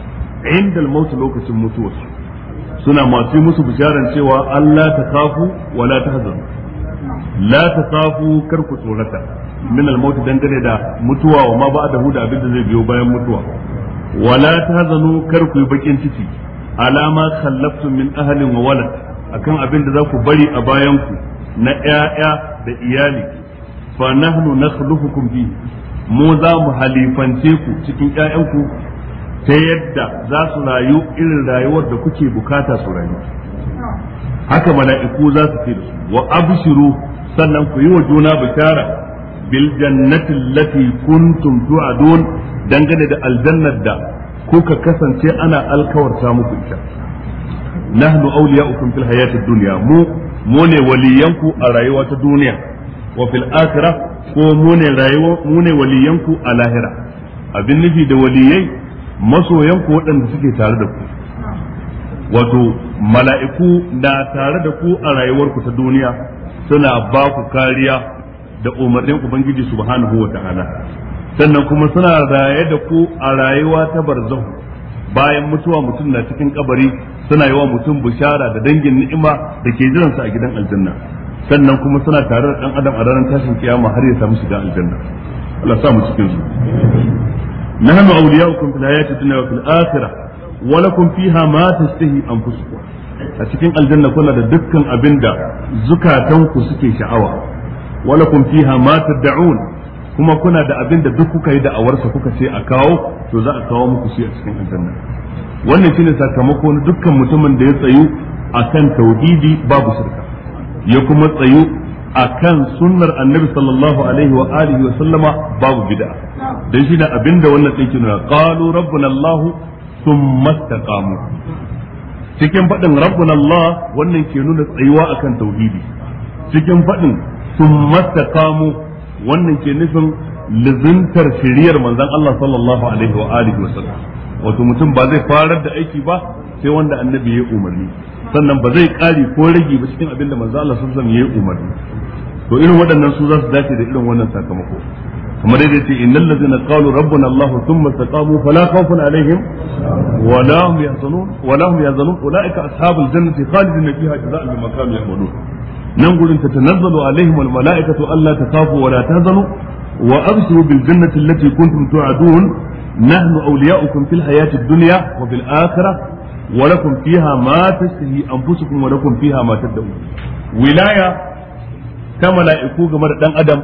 A: inda al lokacin mutuwar suna masu musu bisharan cewa Allah ta kafu wala ta tahzanu la ta kafu kar ku tsorata min al-maut dare da mutuwa wa ma ba'da da abin da zai biyo bayan mutuwa Wala ta tahzanu kar ku yi bakin ciki alama khallaftum min ahlin wa walad akan abin da za ku bari a bayan ku na 'ya'ya da iyali fa nahnu nakhlufukum bi mu za mu halifance ku cikin ƴaƴanku ta yadda za su rayu irin rayuwar da kuke bukata su rayu haka mala'iku za su ce wa abshiru sannan ku yi wa juna bishara bil jannati allati kuntum tu'adun dangane da aljannar da kuka kasance ana alkawarta muku ita nahnu awliya'ukum fil hayati dunya mu mu ne waliyanku a rayuwa ta duniya wa fil akhirah ko mu ne rayuwa mu ne waliyanku a lahira abin nufi da waliyai Masoyanku waɗanda suke tare da ku wato mala'iku na tare da ku a rayuwarku ta duniya suna ba ku kariya da umarnin ubangiji subhanahu wa ta'ala sannan kuma suna raye da ku a rayuwa ta barzahu bayan mutuwa mutum na cikin kabari suna yi wa mutum bishara da dangin ni'ima da ke jiransa a gidan aljanna sannan kuma suna tare da ɗan adam a ranar tashin kiyama har ya samu shiga aljanna Allah sa mu cikin su نحن أولياؤكم في الحياة الدنيا وفي الآخرة ولكم فيها ما تشتهي أنفسكم a cikin aljanna kuna da dukkan abinda zukatanku suke sha'awa walakum fiha ma tad'un kuma kuna da abinda da duk kuka yi da'awarsa kuka ce a kawo to za a kawo muku shi a cikin aljanna wannan shine sakamako na dukkan mutumin da ya tsayu kan tauhidi babu shirka ya kuma tsayu akan sunnar annabi sallallahu alaihi wa alihi wa sallama babu bid'a dan shi da abinda wannan din kina qalu rabbuna allah thumma istaqamu cikin fadin rabbuna allah wannan ke nuna tsayuwa akan tauhidi cikin fadin thumma istaqamu wannan ke nufin lizintar shiriyar manzon Allah sallallahu alaihi wa alihi wa sallam wato mutum ba zai farar da aiki ba sai wanda annabi ya umarni sannan ba zai kare ko rage ba cikin abin da manzo Allah sallallahu alaihi wasallam yayi umarni to irin waɗannan su za su dace da irin wannan sakamako kamar dai ce innal ladzina qalu rabbuna Allah thumma istaqamu fala khawfun alaihim wala hum yahzanun wala hum yahzanun ulaika ashabul jannati khalidina fiha jazaa'an bima kanu ya'malun nan gurin ta tanazzalu alaihim al mala'ikatu alla takhafu wala tahzanu wa abshiru bil jannati allati kuntum tu'adun nahnu awliya'ukum fil hayati ad-dunya wa bil akhirah wa lakum fiha ma tashtahi anfusukum wa lakum fiha ma tad'un wilaya ta mala'iku game da dan adam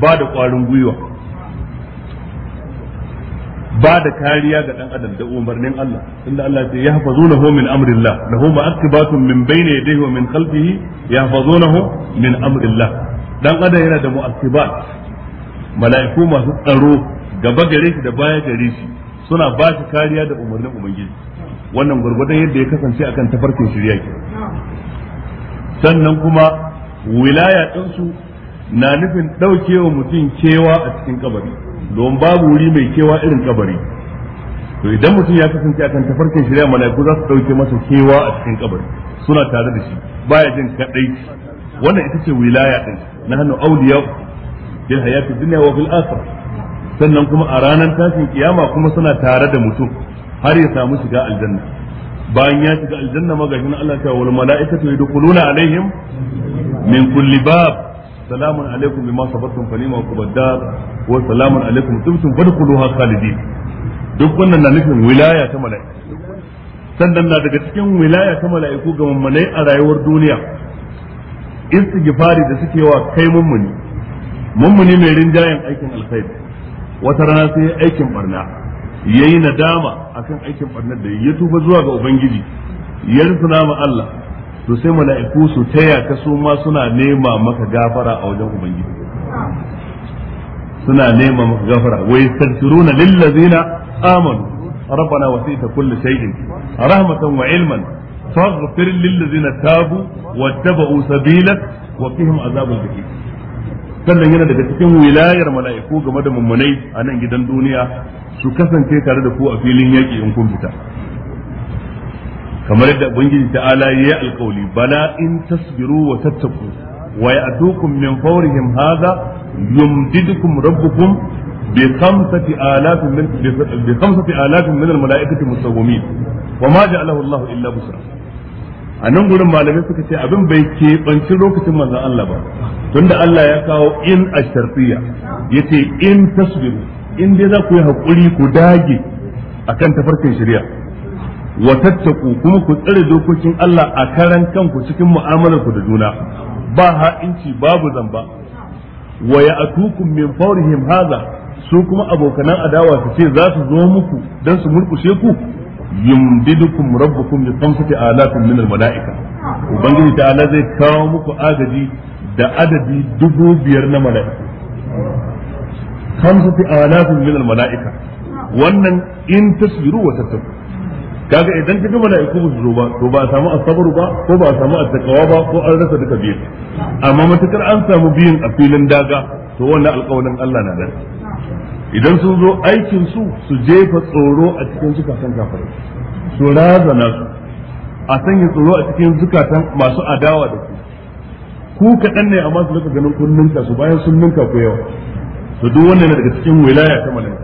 A: ba da ƙwarin gwiwa ba da kariya ga dan adam da umarnin Allah inda Allah ya yahfazunahu min amrillah lahu ma'aqibatun min bayni min min dan adam yana da mu'aqibat mala'iku masu tsaro gaba gare shi da baya gare shi suna ba shi kariya da umarnin ubangiji wannan gurgurdan yadda ya kasance akan tafarkin shirya ke sannan kuma wilaya ɗinsu na nufin ɗaukewa mutum cewa a cikin kabari don babu wuri mai cewa irin kabari to idan mutum ya kasance akan tafarkin shirya mala'iku za su ɗauke masa cewa a cikin kabari suna tare da shi baya jin kaɗai wannan ita ce wilaya ɗin na hannu auliya fil hayati dunya wa fil akhirah sannan kuma a ranar tashin kiyama kuma suna tare da mutum har ya samu shiga aljanna bayan ya shiga aljanna ma gashin Allah ta wal mala'ikatu yadkhuluna alaihim min kulli bab salamun alaikum bima sabartum fa ni'ma kubaddar wa salamun alaikum tubtum fadkhuluha khalidin duk wannan na nufin wilaya ta mala'ika sannan na daga cikin wilaya ta mala'iku ga mummunai a rayuwar duniya istighfari da suke wa kai mummuni mummuni mai rinjayen aikin alkhairi wata rana sai aikin barna yayi nadama akan aikin barnar da ya tuba zuwa ga ubangiji ya rusuna ma Allah to sai mala'iku su taya ka su ma suna nema maka gafara a wajen ubangiji suna nema maka gafara wa yastaghfiruna lillazina amanu ربنا وسعت كل شيء رحمة وعلما فاغفر wa تابوا واتبعوا wa وقهم عذاب الجحيم sannan yana daga cikin wilayar mala'iku game da mummunai a nan gidan duniya su kasance tare da ku a filin yaƙi in kun fita kamar yadda ubangiji ta'ala yayi alƙawli bala in tasbiru wa tattaku wa ya'tukum min fawrihim hadha yumdidukum rabbukum bi khamsati alafin min bi khamsati alafin min al-mala'ikati musawwimin wa ma ja'alahu Allah illa busra a nan gurin malamai suka ce abin bai ke keɓanci lokacin manzon Allah ba tunda Allah ya kawo in a sharfiya ya ce in tasbiru in dai za ku yi haƙuri ku dage akan tafarkin shirya. wa kuma ku tsare dokokin Allah a karan kanku cikin mu'amalar ku da juna ba ha'inci babu zamba wa ya'tukum min fawrihim haza su kuma abokanan adawa su ce za su zo muku dan su murkushe ku yumdidukum rabbukum bi khamsati alafin min al malaika ubangiji ta'ala zai kawo muku agaji da adadi dubu biyar na mala'ika khamsati alafin min al malaika wannan in tasbiru wa tattaku kaga idan kaga mala'iku ba su zo ba to ba a samu asabaru ba ko ba a samu attaqawa ba ko an rasa duka biyu amma matakar an samu biyun a filin daga to wannan alƙawarin Allah na nan idan sun zo aikin su su jefa tsoro a cikin zukatan kafirai su razana su a sanya tsoro a cikin zukatan masu adawa da su ku kaɗan ne amma su rika ganin kun ninka su bayan sun ninka ku yawa su duk wannan daga cikin wilaya ta malaka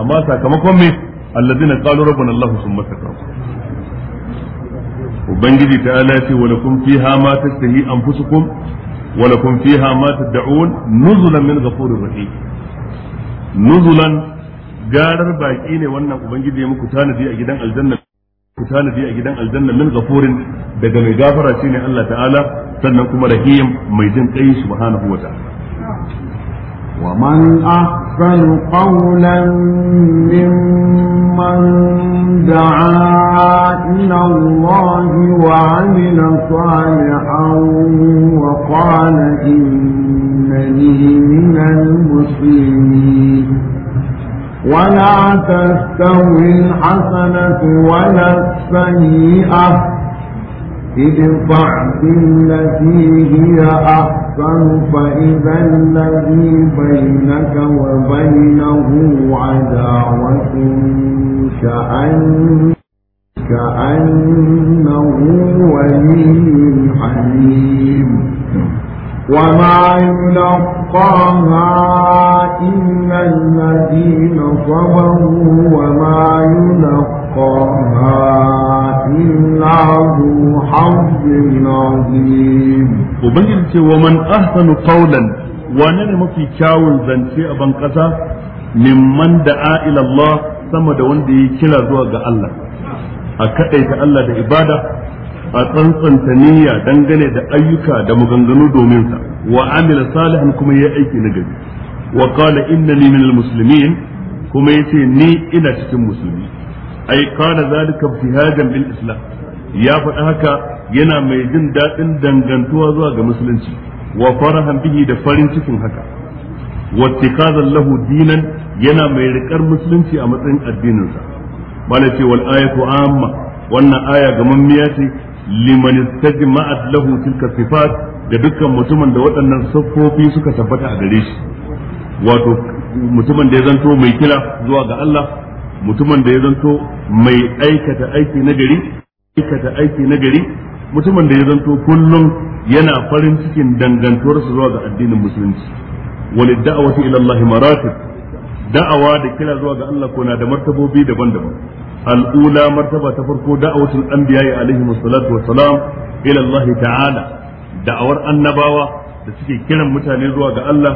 A: amma sakamakon me alladina qalu rabbana allah summa takaw ubangiji ta ala ce wa lakum fiha ma tastahi anfusukum wa lakum fiha ma tad'un nuzulan min ghafurir rahim nuzulan garar baki ne wannan ubangiji ya muku tanadi a gidan aljanna ku tanadi a gidan aljanna min daga mai gafara shine Allah ta'ala sannan kuma rahim mai jin kai subhanahu wa ta'ala wa man ahsanu
B: qawlan mimman da'a ila Allah wa 'amila salihan wa qala innani minal muslimin ولا تستوي الحسنة ولا السيئة ادفع بالتي هي أحسن فإذا الذي بينك وبينه عداوة كأن كأنه ولي حليم وما يلقاها إلا الذين صبروا وما يلقاها
A: إلا ذو حظ عظيم وبين ومن أحسن قولا wane ne mafi kyawun zance a banƙasa, ƙasa mimman da ila sama da wanda ya kira zuwa ga Allah a kaɗaita Allah da ibada a tsantsanta niyya dangane da ayyuka da maganganu domin sa wa amila salihan kuma yayi aiki na gari wa qala innani minal muslimin kuma yace ni ina cikin musulmi ai qala zalika ibtihajan bil islam ya faɗa haka yana mai jin daɗin dangantuwa zuwa ga musulunci wa farahan bihi da farin cikin haka wa tikazan lahu dinan yana mai rikar musulunci a matsayin addininsa bala ce wal ayatu amma wannan aya ga mammiya ce liman istajma'at lahu tilka sifat da dukkan mutumin da waɗannan siffofi suka tabbata a gare shi wato mutumin da ya zanto mai kira zuwa ga Allah mutumin da ya zanto mai aikata aiki na gari aikata aiki na gari mutumin da ya zanto kullum yana farin cikin dangantuwarsa zuwa ga addinin musulunci wani da'awati ila Allah maratib da'awa da kira zuwa ga Allah ko na da martabobi daban-daban al'ula martaba ta farko da'awatul anbiya alaihi wassalatu wassalam ila Allah ta'ala da'awar annabawa da suke kiran mutane zuwa ga Allah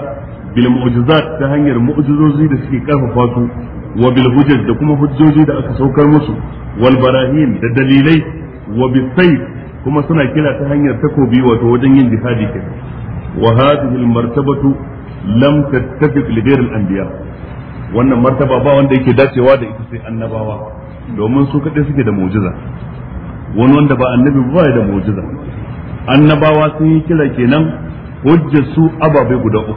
A: bil mu'jizat ta hanyar mu'jizozi da suke karfafa su wa bil hujjaj da kuma hujjoji da aka saukar musu wal barahin da dalilai wa bis sayf kuma suna kira ta hanyar takobi wato wajen yin jihadi kenan wa hadhihi al martabatu lam tattafiq li ghayr al anbiya wannan martaba ba wanda yake dacewa da ita sai annabawa domin su kaɗai suke da mu'jiza wani wanda ba annabi ba ya da mu'jiza annabawa sun yi kira kenan hujjar su ababai guda uku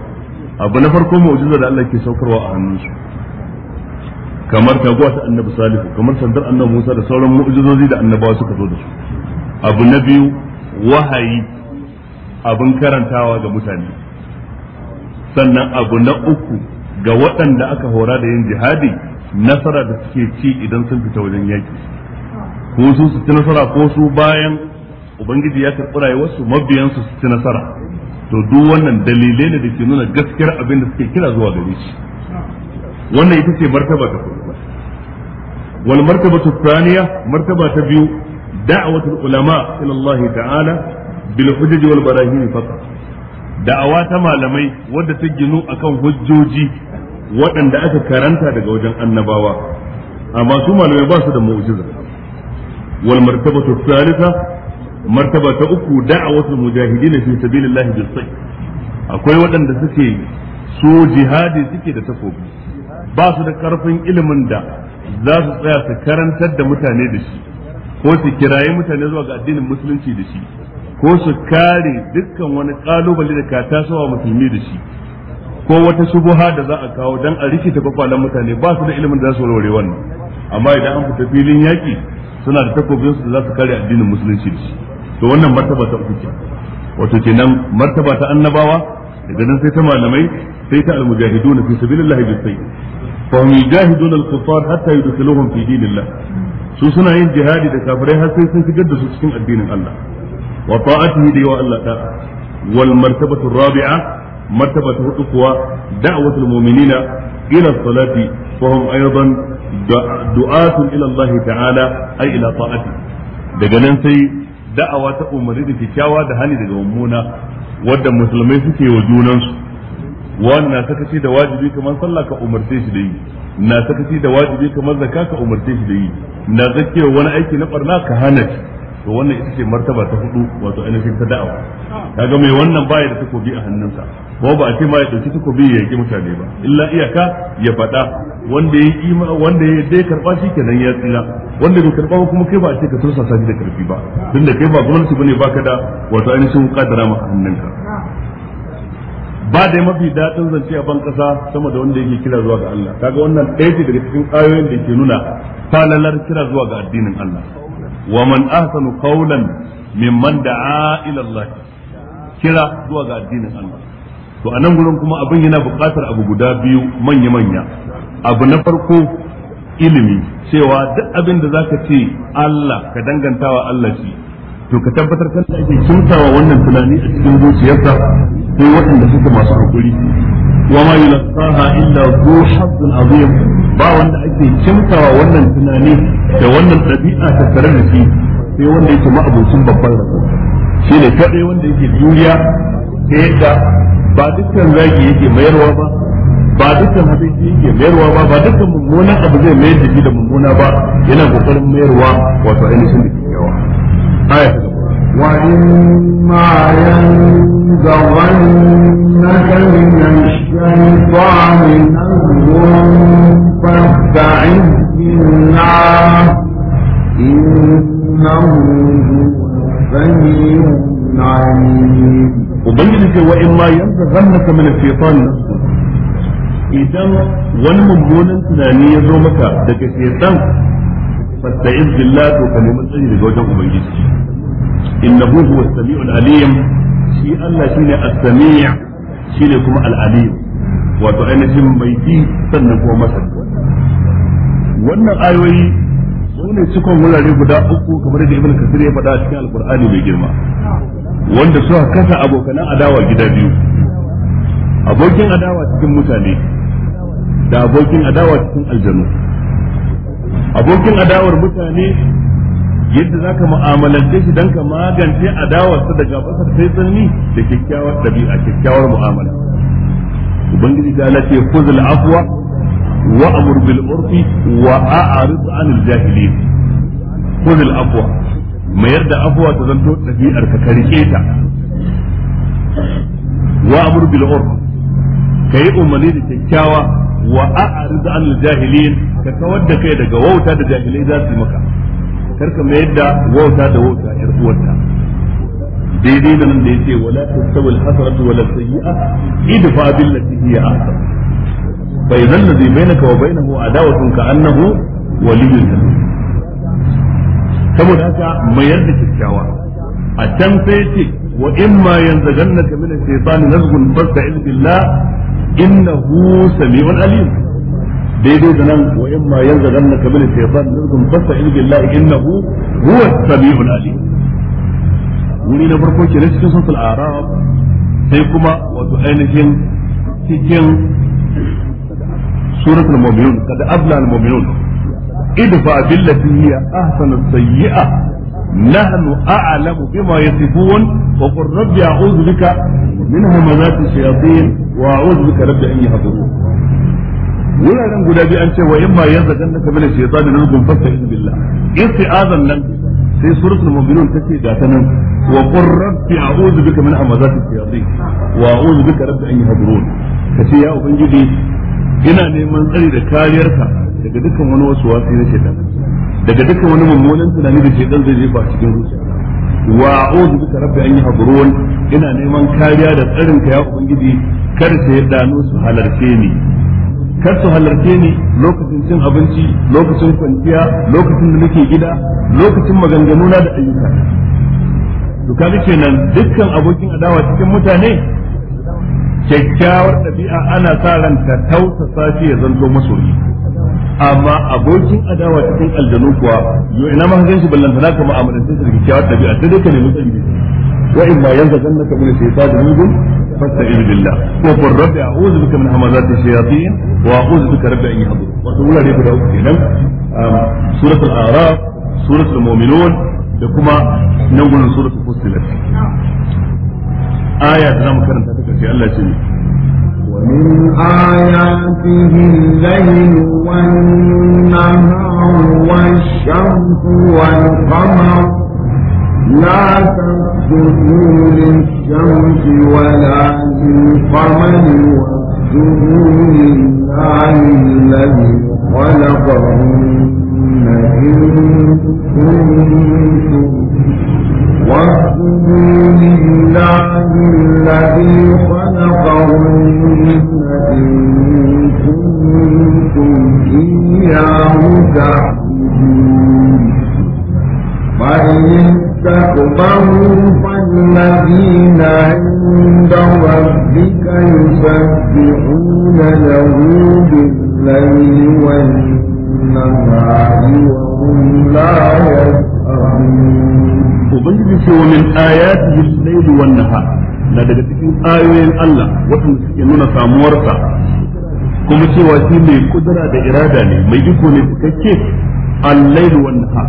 A: abu na farko mu'jiza da Allah ke saukarwa a hannunsu kamar taguwa ta annabi salihu kamar sandar annabi musa da sauran mu'jizozi da annabawa suka zo da su abu na biyu wahayi abin karantawa ga mutane sannan abu na uku ga waɗanda aka hora da yin jihadi nasara da suke ci idan sun fita wajen yaki ko su su ci nasara ko su bayan ubangiji ya karɓi rayuwarsu mabiyansu su ci nasara to duk wannan dalilai ne da ke nuna gaskiyar abin da suke kira zuwa gare shi wannan ita ce martaba ta farko wal martabatu thaniya martaba ta biyu da'awatul ulama ila Allah ta'ala bil hujaj wal barahin faqat da'awa ta malamai wadda ta ginu akan hujjoji waɗanda aka karanta daga wajen annabawa amma su malamai ba su da mu'jiza wal martabatu thalitha martaba ta uku da'awatul mujahidin fi sabilillah bil sayf akwai waɗanda suke so jihadi suke da takobi ba su da karfin ilimin da za su tsaya su karantar da mutane da shi ko su kiraye mutane zuwa ga addinin musulunci da shi ko su kare dukkan wani kalubale da ka tasowa musulmi da shi ko wata shubuha da za a kawo dan a rikita kwakwalen mutane ba su da ilimin da za su warware wannan amma idan an fita filin yaki suna da takobinsu da za su kare addinin musulunci da shi to wannan martaba ta uku wato kenan martaba ta annabawa daga nan sai ta malamai sai ta almujahidun fi sabilillah bi sayyi fa hum har al yi hatta yudkhiluhum fi dinillah su suna yin jihadi da kafirai har sai sun shigar da su cikin addinin Allah wa ta'atihi da yawa Allah ta wal martabatu rabi'a martaba ta hudu kuwa da'watul mu'minina ila salati fa hum aidan ilallahi ta'ala ay ila ta'ati daga nan sai da'awa ta umarni da kyakkyawa da hali daga mummuna wadda musulmai suke wa junansu wannan sakaci da wajibi kamar sallah ka umarce shi da yi na sakaci da wajibi kamar zakka umarce shi da yi na zakewa wani aiki na barna ka to wannan ita ce martaba ta hudu wato ta da'awa
C: kaga mai wannan
A: baya da takobi a hannunsa ba ba a ce ma ya dauki takobi ya yaki mutane ba illa iyaka ya faɗa wanda ya yi wanda ya dai karba shi kenan ya tsira wanda bai karba ba kuma kai ba a ce ka tursa sa shi da karfi ba da kai ba gwamnati bane baka da wato ainihin kadara maka ka. ba da mafi daɗin zance a ban ƙasa sama da wanda yake kira zuwa ga Allah kaga wannan ɗaya ce daga cikin ayoyin da ke nuna falalar kira zuwa ga addinin Allah wa man ahsanu qawlan mimman da'a ila Allah kira zuwa ga addinin Allah to a nan gurin kuma abin yana buƙatar abu guda biyu manya-manya abu na farko ilimi cewa duk abin da zaka ce Allah ka dangantawa Allah shi to ka tabbatar kan da ake kintawa wannan tunani a cikin zuciyarsa sai waɗanda suke masu hakuri wa ma yulqaha illa zu hazzun azim ba wanda ake kintawa wannan tunani da wannan ɗabi'a ta tare da shi sai wanda yake ma'abocin babban rabo shine ne kaɗai wanda yake juriya da yadda ba dukkan zagi yake mayarwa ba ba dukkan hadisi yake mayarwa ba ba dukkan mummuna abu zai mayar da da mummuna ba yana kokarin mayarwa wato ainihin da kyakkyawa yawa wa
B: min
A: ubangiji ce wa in ma yanzaghannaka min ash-shaytan idan wani mummunan tunani ya zo maka daga shaytan fasta'iz billah to ka nemi tsari daga wajen ubangiji innahu huwa as-sami'ul alim shi Allah shine as-sami' shine kuma al-alim wato ainihin mai ji sannan kuma masani wannan ayoyi su ne cikon wurare guda uku kamar da ibn kasir ya faɗa cikin alqur'ani mai girma wanda suka kasa abokanan adawa gida biyu abokin adawa cikin mutane da abokin adawa cikin aljanu abokin adawar mutane yadda za ka mu'amalance shi don ka magance adawarsa daga basar sai tsanani da kyakkyawar ɗabi'a kyakkyawar mu'amala ubangiji ta lace kuzul afuwa wa amur bil urfi wa a'rid anil jahili kuzul afuwa. mayar da afuwa ta zanto ɗabi'ar ka karke ta wa amur bil urf kai umarni da kyakkyawa wa a'rid an jahilin ka kawar da kai daga wauta da jahilai za su maka kar ka mayar da wauta da wauta yar uwarta daidai da nan da yace wala tasawu al hasratu wala sayyi'a idfa billati hiya ahsan fa idan ladhi bainaka wa bainahu adawatun ka annahu waliyyun saboda haka mayar da kyakkyawa a can sai ce wa imma yanzaganaka min ash-shaytani nazghun fasta'id billah innahu samiun alim daidai da nan wa imma yanzaganaka min ash-shaytani nazghun fasta'id billah innahu huwa as-samiun alim wuri na farko ke cikin suratul arab sai kuma wato ainihin cikin suratul mu'minun kada abla al-mu'minun idfa billati hiya ahsanu sayyi'a nahnu a'lamu bima yasifun wa qur rabbi a'udhu bika min hamazati shayatin wa a'udhu bika rabbi wuraren guda biyu an ce wa imma yazagannaka min ash-shaytani nazghun fasta'in billah
D: isti'azan nan
A: sai suratul mu'minun tace da ta nan wa qur rabbi a'udhu bika min hamazati shayatin wa a'udhu bika rabbi an yahdurun kace ya ubangiji ina neman tsari da kariyarka daga dukkan wani wasu wasu na shaitan daga dukkan wani mummunan tunani da shaitan zai jefa a cikin zuciya wa a'udhu bika rabbi an yahdurun ina neman kariya da tsarin ka ya ubangiji kar sai dano su halarce ni kar su halarce ni lokacin cin abinci lokacin kwanciya lokacin da muke gida lokacin maganganuna da ayyuka to kaga kenan dukkan abokin adawa cikin mutane kyakkyawar ɗabi'a ana sa ran ta tausasa shi ya zanto masoyi amma abokin adawa cikin aljanu kuwa yo ina ma hanzin shi ballantana ka mu'amalan sun sarki kyawar tabi'a sai dai ka nemi tsari wa in ma yanzu zannaka min shaytanir rajim fasta'in billah ko qur rabbi min hamazati shayatin wa a'udhu bika rabbi an yahdurun wato wurare guda uku kenan um, suratul a'raf suratul mu'minun da kuma nan gurin suratul fussilat aya da zamu ta kace Allah ya ce من
B: آياته الليل والنهار والشمس والقمر لا تسجدوا للشمس ولا للقمر واسجدوا لله الذي خلقهن إن كنتم
C: واسجدوا
B: لله الذي خلقهن إن كنتم إياه تعبدون فإن استكبروا فالذين عند ربك يسبحون له بالليل والنهار
A: Ubangiji ce wa min ayati al-layl wa ha, na daga cikin ayoyin Allah waɗanda suke nuna samuwarsa kuma cewa shi mai kudura da irada ne mai iko ne cikakke al-layl wa ha,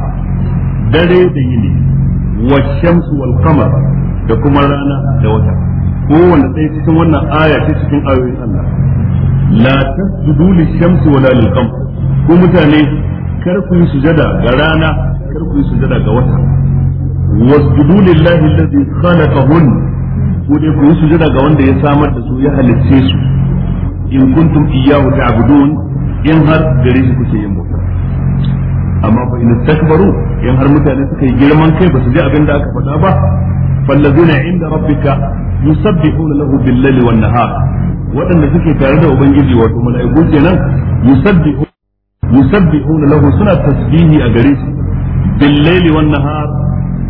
A: dare da yini wa shamsu wal qamar da kuma rana da wata kowanne ɗaya cikin wannan aya ce cikin ayoyin Allah la tasjudu lish-shamsi wala lil-qamar ku mutane kar ku yi sujada ga rana kar ku yi sujada ga wata wasjudu lillahi alladhi khalaqahun ku dai ku yi sujada ga wanda ya samar da su ya halicce su in kuntum iyyahu ta'budun in har gare shi kuke yin bauta amma fa in takbaru in har mutane suka yi girman kai ba su ji abin da aka faɗa ba fallazina inda rabbika yusabbihuna lahu bil-laili wan-nahar waɗanda suke tare da ubangiji wato mala'iku kenan yusabbihu yusabbihuna lahu suna tasbihi a gare shi bil laili wan nahar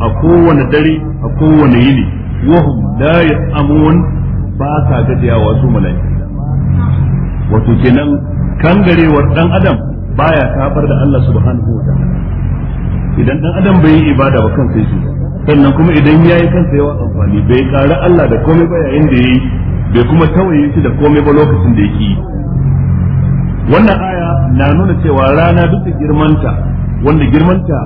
A: a kowane dare a kowane yini wahum la ya'amun ba sa gajiyawa wasu mala'iku wato kenan kangarewar dan adam baya kafar da Allah subhanahu wa idan dan adam bai yi ibada ba sai yake sannan kuma idan yayi kansa yawa amfani bai kara Allah da komai ba yayin da yayi bai kuma tawaye shi da komai ba lokacin da yake yi wannan aya na nuna cewa rana duk da girmanta wanda girmanta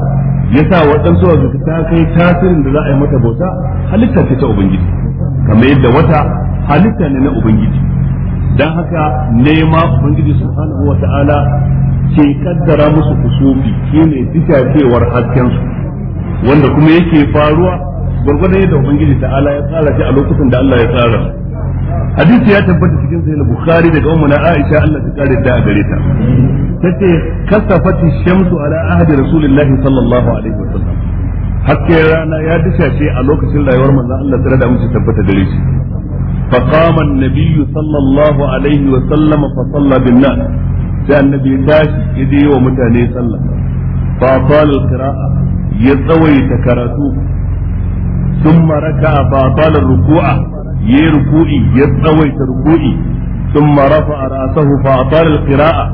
A: ya sa waɗansu wasu ta kai tasirin da za a yi mata bauta halitta ce ta ubangiji kamar yadda wata halitta ne na ubangiji Don haka nema ubangiji subhanahu wa ta'ala ke kaddara musu kusufi shine ne hasken su wanda kuma yake faruwa gwargwadon yadda ubangiji ta'ala ya tsara shi a lokacin da Allah ya tsara hadisi ya tabbata cikin sahih bukhari daga ummu aisha Allah ta kare da gare ta tace kasafati shamsu ala ahdi rasulillahi sallallahu alaihi wasallam hakke rana ya dishashe a lokacin rayuwar manzon Allah tare da mutum tabbata gare shi فقام sallallahu alaihi الله عليه وسلم فصلى بالناس sai annabi ya tashi ya je wa mutane sallah fa qala al-qira'a ya tsawaita karatu thumma raka'a fa qala ruku'a yayi ruku'i ya tsawaita ruku'i marafa a ra'sahu fa a al-qira'a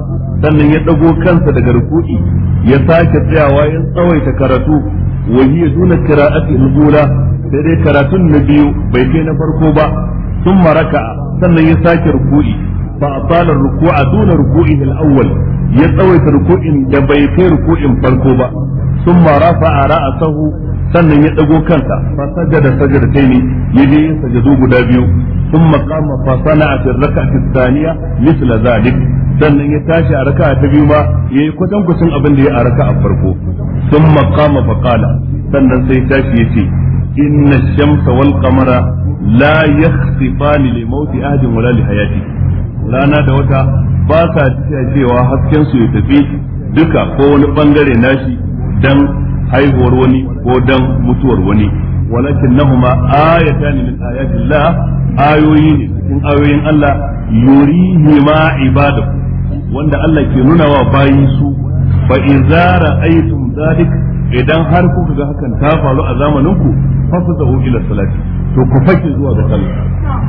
A: sannan ya ɗago kansa daga ruku'i ya sake tsayawa ya tsawaita karatu Wani ya duna qira'ati al sai dai karatun na biyu bai kai na farko ba sun maraka sannan ya sake ruku'i fa atala ruku'a duna ruku'ihi al-awwal ya tsawaita ruku'in da bai kai ruku'in farko ba summa rafa'a ra'sahu sannan ya dago kansa fa sajada sajadataini yaje yin sajadu guda biyu summa qama fa sana'a fi rak'ati thaniya misla zalik sannan ya tashi a raka'a ta biyu ma yayi kwatan kusan abin da ya araka a farko summa qama fa qala sannan sai tashi yace inna ash-shamsa wal qamara la yakhsifani li mawti ahadin wala li rana da wata ba sa cewa hasken su ya tafi duka ko wani bangare nashi dan haihuwar wani ko dan mutuwar wani walakin nahuma ne min ayatillah ayoyi ne cikin ayoyin Allah yurihima ibada. wanda Allah ke nuna wa bayi su fa idza ra'aytum dhalik idan har kuka ga hakan ta faru a zamaninku fa da ila salati to ku fake zuwa ga sallah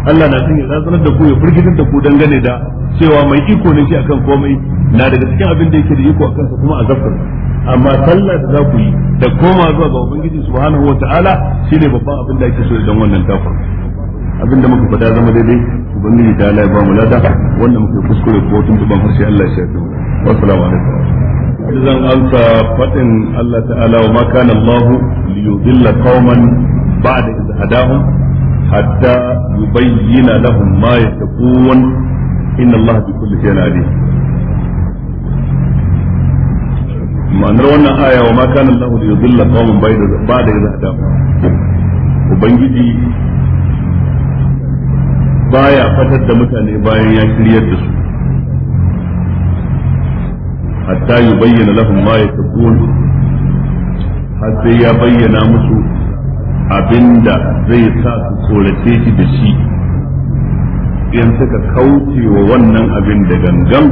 A: Allah na ya zazanar da ku ya firgitar da ku dangane da cewa mai iko ne shi akan komai na daga cikin abin da yake da iko akan sa kuma azabtar amma sallah da za ku yi da koma zuwa ga ubangiji subhanahu wataala shine babban abin da ake so idan wannan dafa abin da muka fada zama daidai ubangiji da Allah ya ba mu lada wannan muka kuskure ko tun tuban harshe Allah ya shafe mu wassalamu alaikum zan amsa fadin Allah ta'ala wa ma kana Allah liyudilla qauman ba'da hadahum hatta yubayyana lahum ma yattaqun inna Allah bi kulli shay'in alim ma'anar wannan aya wa ma kana Allah li yudilla qauman ba'da idh hadahum ubangiji baya fatar da mutane bayan ya shiryar da su hatta yubayyana lahum ma yattaqun har sai ya bayyana musu abinda zai sa su tsorace shi da shi in suka kauce wa wannan abin da gangan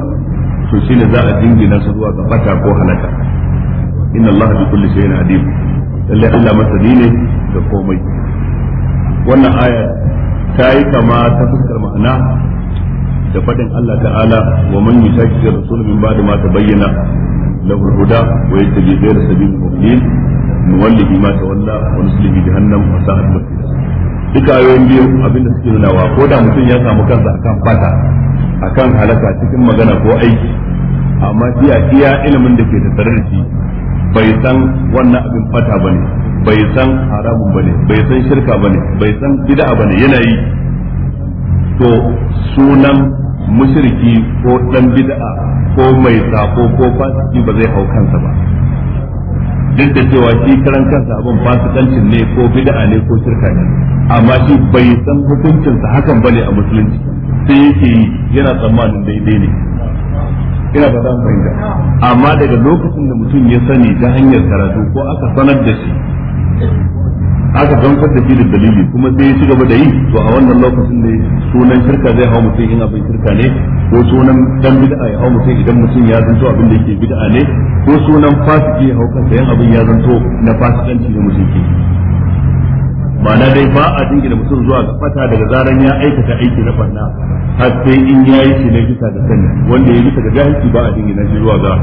A: to ne za a jingina su zuwa ga fata ko halaka inna Allah bi kulli shay'in alim lalle Allah masani ne da komai wannan aya ta yi kama ta fuskar ma'ana da fadin Allah ta'ala wa man yushakkir rasul min ba'da ma tabayyana له الهدى ويتبع غير سبيل المؤمنين نوله ما تولى ونصله جهنم وساءت مصيرا duka ayoyin biyu abinda suke nunawa ko da mutum ya samu kansa akan fata akan halaka cikin magana ko aiki amma iya iya ilimin da ke da shi bai san wannan abin fata bane bai san haramun bane bai san shirka bane bai san bid'a bane yana yi to sunan mushriki ko dan bid'a ko mai sako ko fasiki ba zai hau kansa ba duk da cewa shi karan kansa abin fasikancin ne ko bid'a ne ko shirka ne amma shi bai san sa hakan bane a musulunci sai yake yi yana tsammanin daidai ne ina ba zan fahimta amma daga lokacin da mutum ya sani ta hanyar karatu ko aka sanar da shi aka gamsar da shi da dalili kuma sai ya ci gaba da yi to a wannan lokacin ne sunan shirka zai hau mutum in abin shirka ne ko sunan dan bid'a ya hau mutum idan mutum ya zanto abin da yake bid'a ne ko sunan fasiki ya hau kansa yan abin ya zanto na fasikanci ne mutum ke ma'ana dai ba a dingina mutum zuwa ga fata daga zaran ya aikata aiki na barna har sai in ya yi shi ne bisa da sani wanda ya bisa ga jahilci ba a dingina shi zuwa ga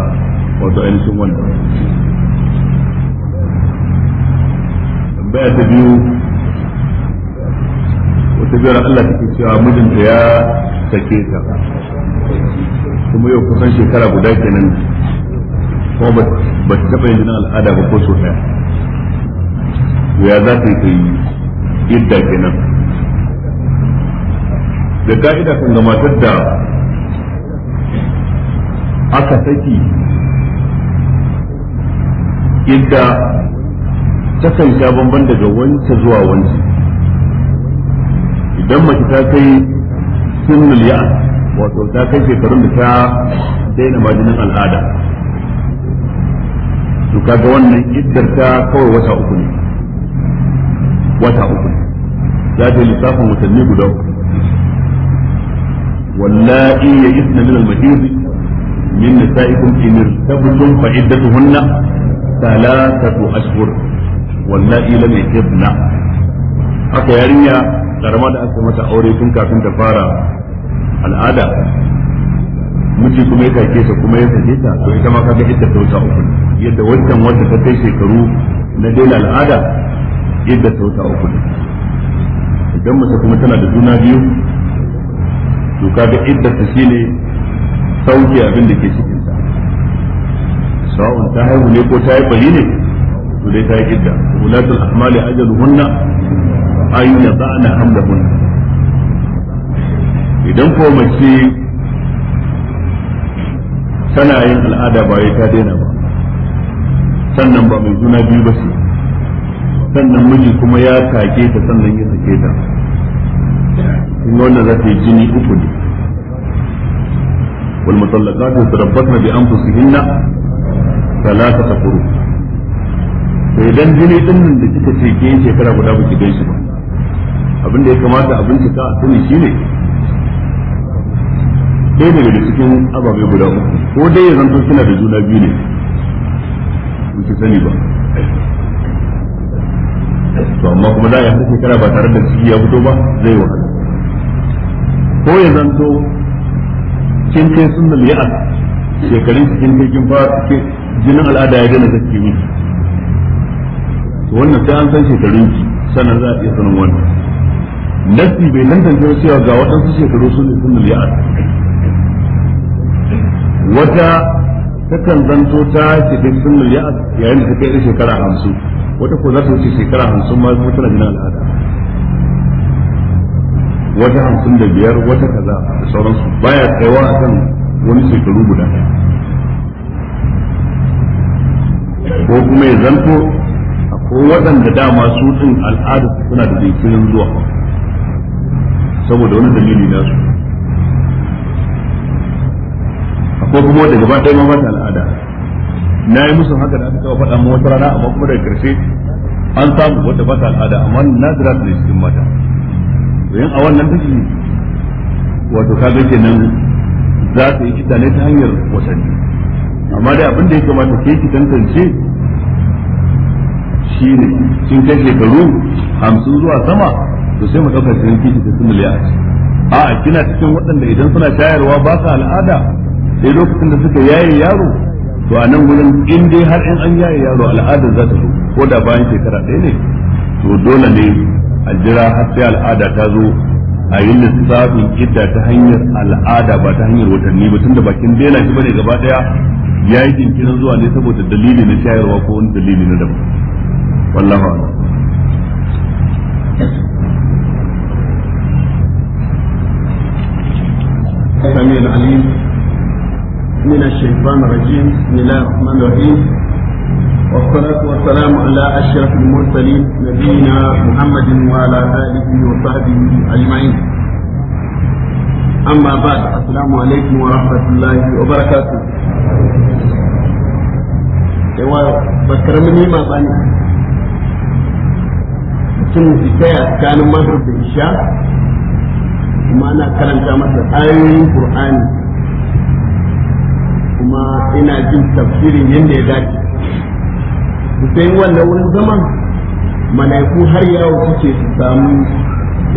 A: wato ainihin wannan baya ta biyu wata biyar Allah ta cewa mijinta ya sake ta kuma yau kusan shekara guda kenan ko ba ta taɓa yin na al'ada ba ko so ɗaya ya za ta yi ta yi idda kenan da ka'ida kan ga matar da aka saki idda takan sha bamban daga wancan zuwa wancan, idan mace ta kai sunnul ya wato ta kai shekarun da ta daina majinin al'ada to kaga wannan iddar ta kawai wata uku ne wata uku ne za ta yi lissafin watanni guda uku wallahi ya yi min al-mahidi min nisa'ikum in irtabtum fa iddatuhunna thalathatu ashhur wallahi lam yajibna haka yarinya karama da aka mata aure tun kafin ta fara al'ada miji kuma ya kake sa kuma ya sake ta to ita ma kaga idda ta wuta uku yadda wancan wanda ta kai shekaru na daina al'ada idda ta wuta uku idan mace kuma tana da juna biyu to kaga idda ta shine sauke abin da ke cikin ta sawun ta haihu ne ko ta yi bari ne to ta yi gidda idda ulatul ahmali ajaluhunna an hamda hamlahunna idan ko mace tana yin al'ada ba ta daina ba sannan ba mai juna biyu ba ce sannan miji kuma ya take ta sannan ya sake ta kuma wannan za ta yi jini uku ne والمطلقات يتربصن بأنفسهن ثلاثة قروء idan jini din nan da kika ce ke shekara guda ba ki gan shi ba abin da ya kamata abin ki ka sani shine ɗaya daga da cikin ababe guda uku ko dai ya zanto suna da juna biyu ne ba ki sani ba to amma kuma za a yi shekara ba tare da ciki ya fito ba zai wahala ko ya zanto kin kai sunan ya'a shekarun cikin kai kin fara jinin al'ada ya dana zaki wuce to wannan sai an san shekarun ki sannan za a iya sanin wannan nasi bai tantance cewa ga waɗansu shekaru sun ne sun wata takan zanto ta shiga sun miliyar yayin da ta kai shekara hamsin wata ko za ta wuce shekara hamsin ma kuma tana gina al'ada wata hamsin da biyar wata kaza da sauransu baya kaiwa akan wani shekaru guda ko kuma ya zanto ko waɗanda dama su ɗin al'ada suna da jinkirin zuwa saboda wani dalili na su akwai kuma wanda gaba ta ma mamata al'ada na yi musu haka da aka taɓa faɗa ma wata rana amma kuma daga ƙarshe an samu wanda ba ta al'ada amma na zira da cikin mata yin a wannan take wato ka kaga kenan za ta yi kita ne ta hanyar wasanni amma dai abin da ya kamata ke ki tantance ne sun kai shekaru hamsin zuwa sama to sai mu ɗaukar ta a kina cikin waɗanda idan suna shayarwa ba su al'ada sai lokacin da suka yaye yaro to a nan wurin in dai har in an yaye yaro al'ada za ta zo ko da bayan shekara ɗaya ne to dole ne a jira har sai al'ada ta zo a yi lissafin idda ta hanyar al'ada ba ta hanyar watanni ba da bakin dela shi bane gaba daya ya yi jinkirin zuwa ne saboda dalili na shayarwa ko wani dalili na daban والله أعلم
D: السميع العليم من الشيطان الرجيم بسم الله الرحمن الرحيم والصلاة والسلام على أشرف المرسلين نبينا محمد وعلى آله وصحبه أجمعين أما بعد السلام عليكم ورحمة الله وبركاته. Ewa, bakar ما بني shin a tsakanin maghrib da isha kuma ana karanta masa ayoyin qur'ani kuma ina jin tafsirin yadda ya dace sai wannan wurin zaman malaiku har yawo suke su samu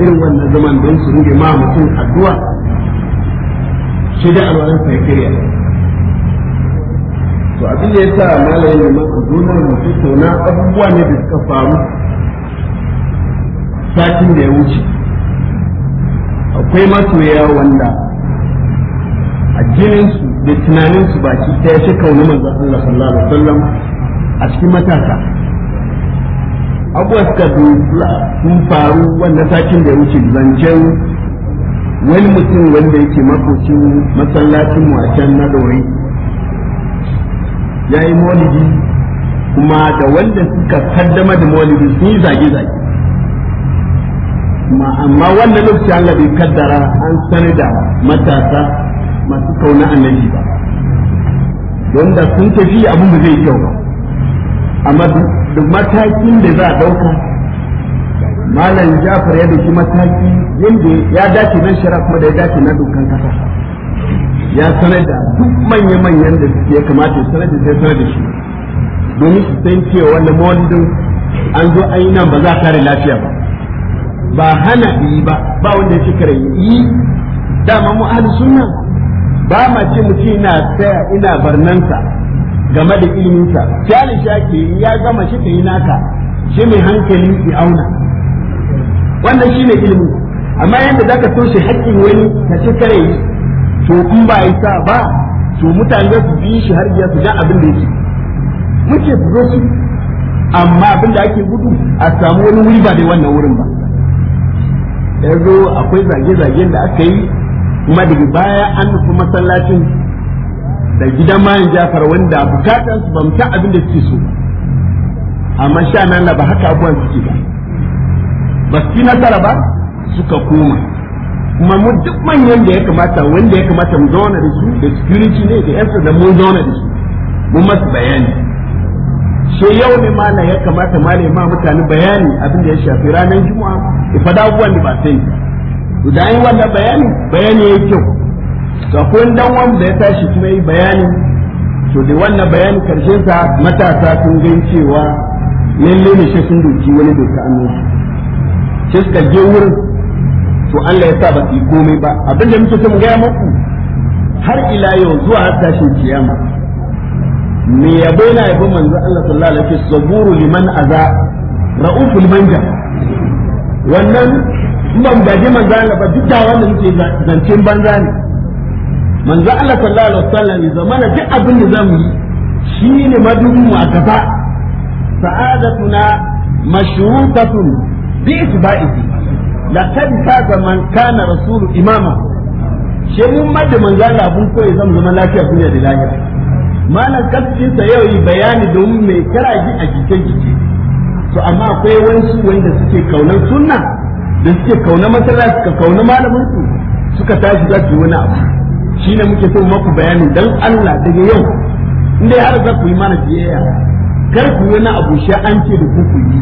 D: irin wannan zaman don su ruge ma mutum addu'a shida da alwalan sai to abin da yasa malayin da masu na mu tattauna abubuwa ne da suka faru satin da ya wuce akwai masoya wanda a jininsu da tunaninsu baki ya shi kauni manzo Allah sallallahu alaihi wasallam a cikin matasa abuwa suka sun faru wanda satin da ya wuce zancen wani mutum wanda yake makocin masallacin mu a can na dore ya yi maulidi kuma da wanda suka kaddama da maulidi sun yi zage-zage ma amma wannan lokaci Allah bai kaddara an sani da matasa masu kauna annabi ba don da sun tafi abin da zai kyau ba amma duk matakin da za a dauka malam Jafar ya dauki mataki yadda ya dace nan shara kuma da ya dace na dukkan kasa ya sanar da duk manya-manyan da ya kamata ya sanar da sai sanar da shi domin su san cewa wannan mawalidin an zo ainihin ba za a kare lafiya ba ba hana yi ba ba wanda ya ce kare yi dama mu ahli sunna ba ma ce mu ce ina tsaya ina barnansa game da ilimin sa kyalin yi ya gama shi kai naka shi mai hankali ki auna wannan shine ilimi amma yanda zaka toshe haƙƙin wani ka ce kare yi to in ba yi sa ba to mutane za su bi shi har ya su ga abin da yake muke zo amma abin da ake gudu a samu wani wuri ba dai wannan wurin ba yanzu akwai zage-zagen da aka yi kuma daga baya an nufi masallacin da gidan mayan jafar wanda bukatar su bamta abin da suke so amma sha nan ba haka abuwan suke ba ba su nasara ba suka koma kuma mu duk manyan da ya kamata wanda ya kamata mu zauna da su da security ne da yasa da mu zauna da su mu masu bayani so yau ne ma na ya kamata malai ma mutane bayani abin da ya shafi ranar juma'a ifada abubuwan da ba sai to da yi wannan bayani bayani yayi kyau to akwai dan wanda da ya tashi kuma yi bayani to da wannan bayani karshen sa matasa sun gan cewa lalle ne shi sun doki wani doka annu shi suka je wurin to Allah ya sa ba su komai ba abin da muke son gaya maku har ila yau zuwa tashin kiyama me yabo na yabo manzo Allah sallallahu alaihi wasallam saburu liman aza ra'uf liman wannan wannan ba gaji manzo Allah ba duk da yake zancen banza ne manzo Allah sallallahu alaihi wasallam ya zamana duk abin da zamu yi shine madun mu a gaba sa'adatuna mashrutatun bi itba'ihi laqad kaza man kana rasulu imama shi mun manzo Allah abun koyi zamu zama lafiya duniya da lafiya malam kafin sa yau yi bayani domin mai ji a jike jike to amma akwai wasu wanda suke kaunar sunna da suke kaunar masallaci suka kaunar malamin su suka tashi za su wani abu shine muke so maku bayani dan Allah daga yau inda har za ku yi mana biyayya kar ku wani abu sha an ce da ku yi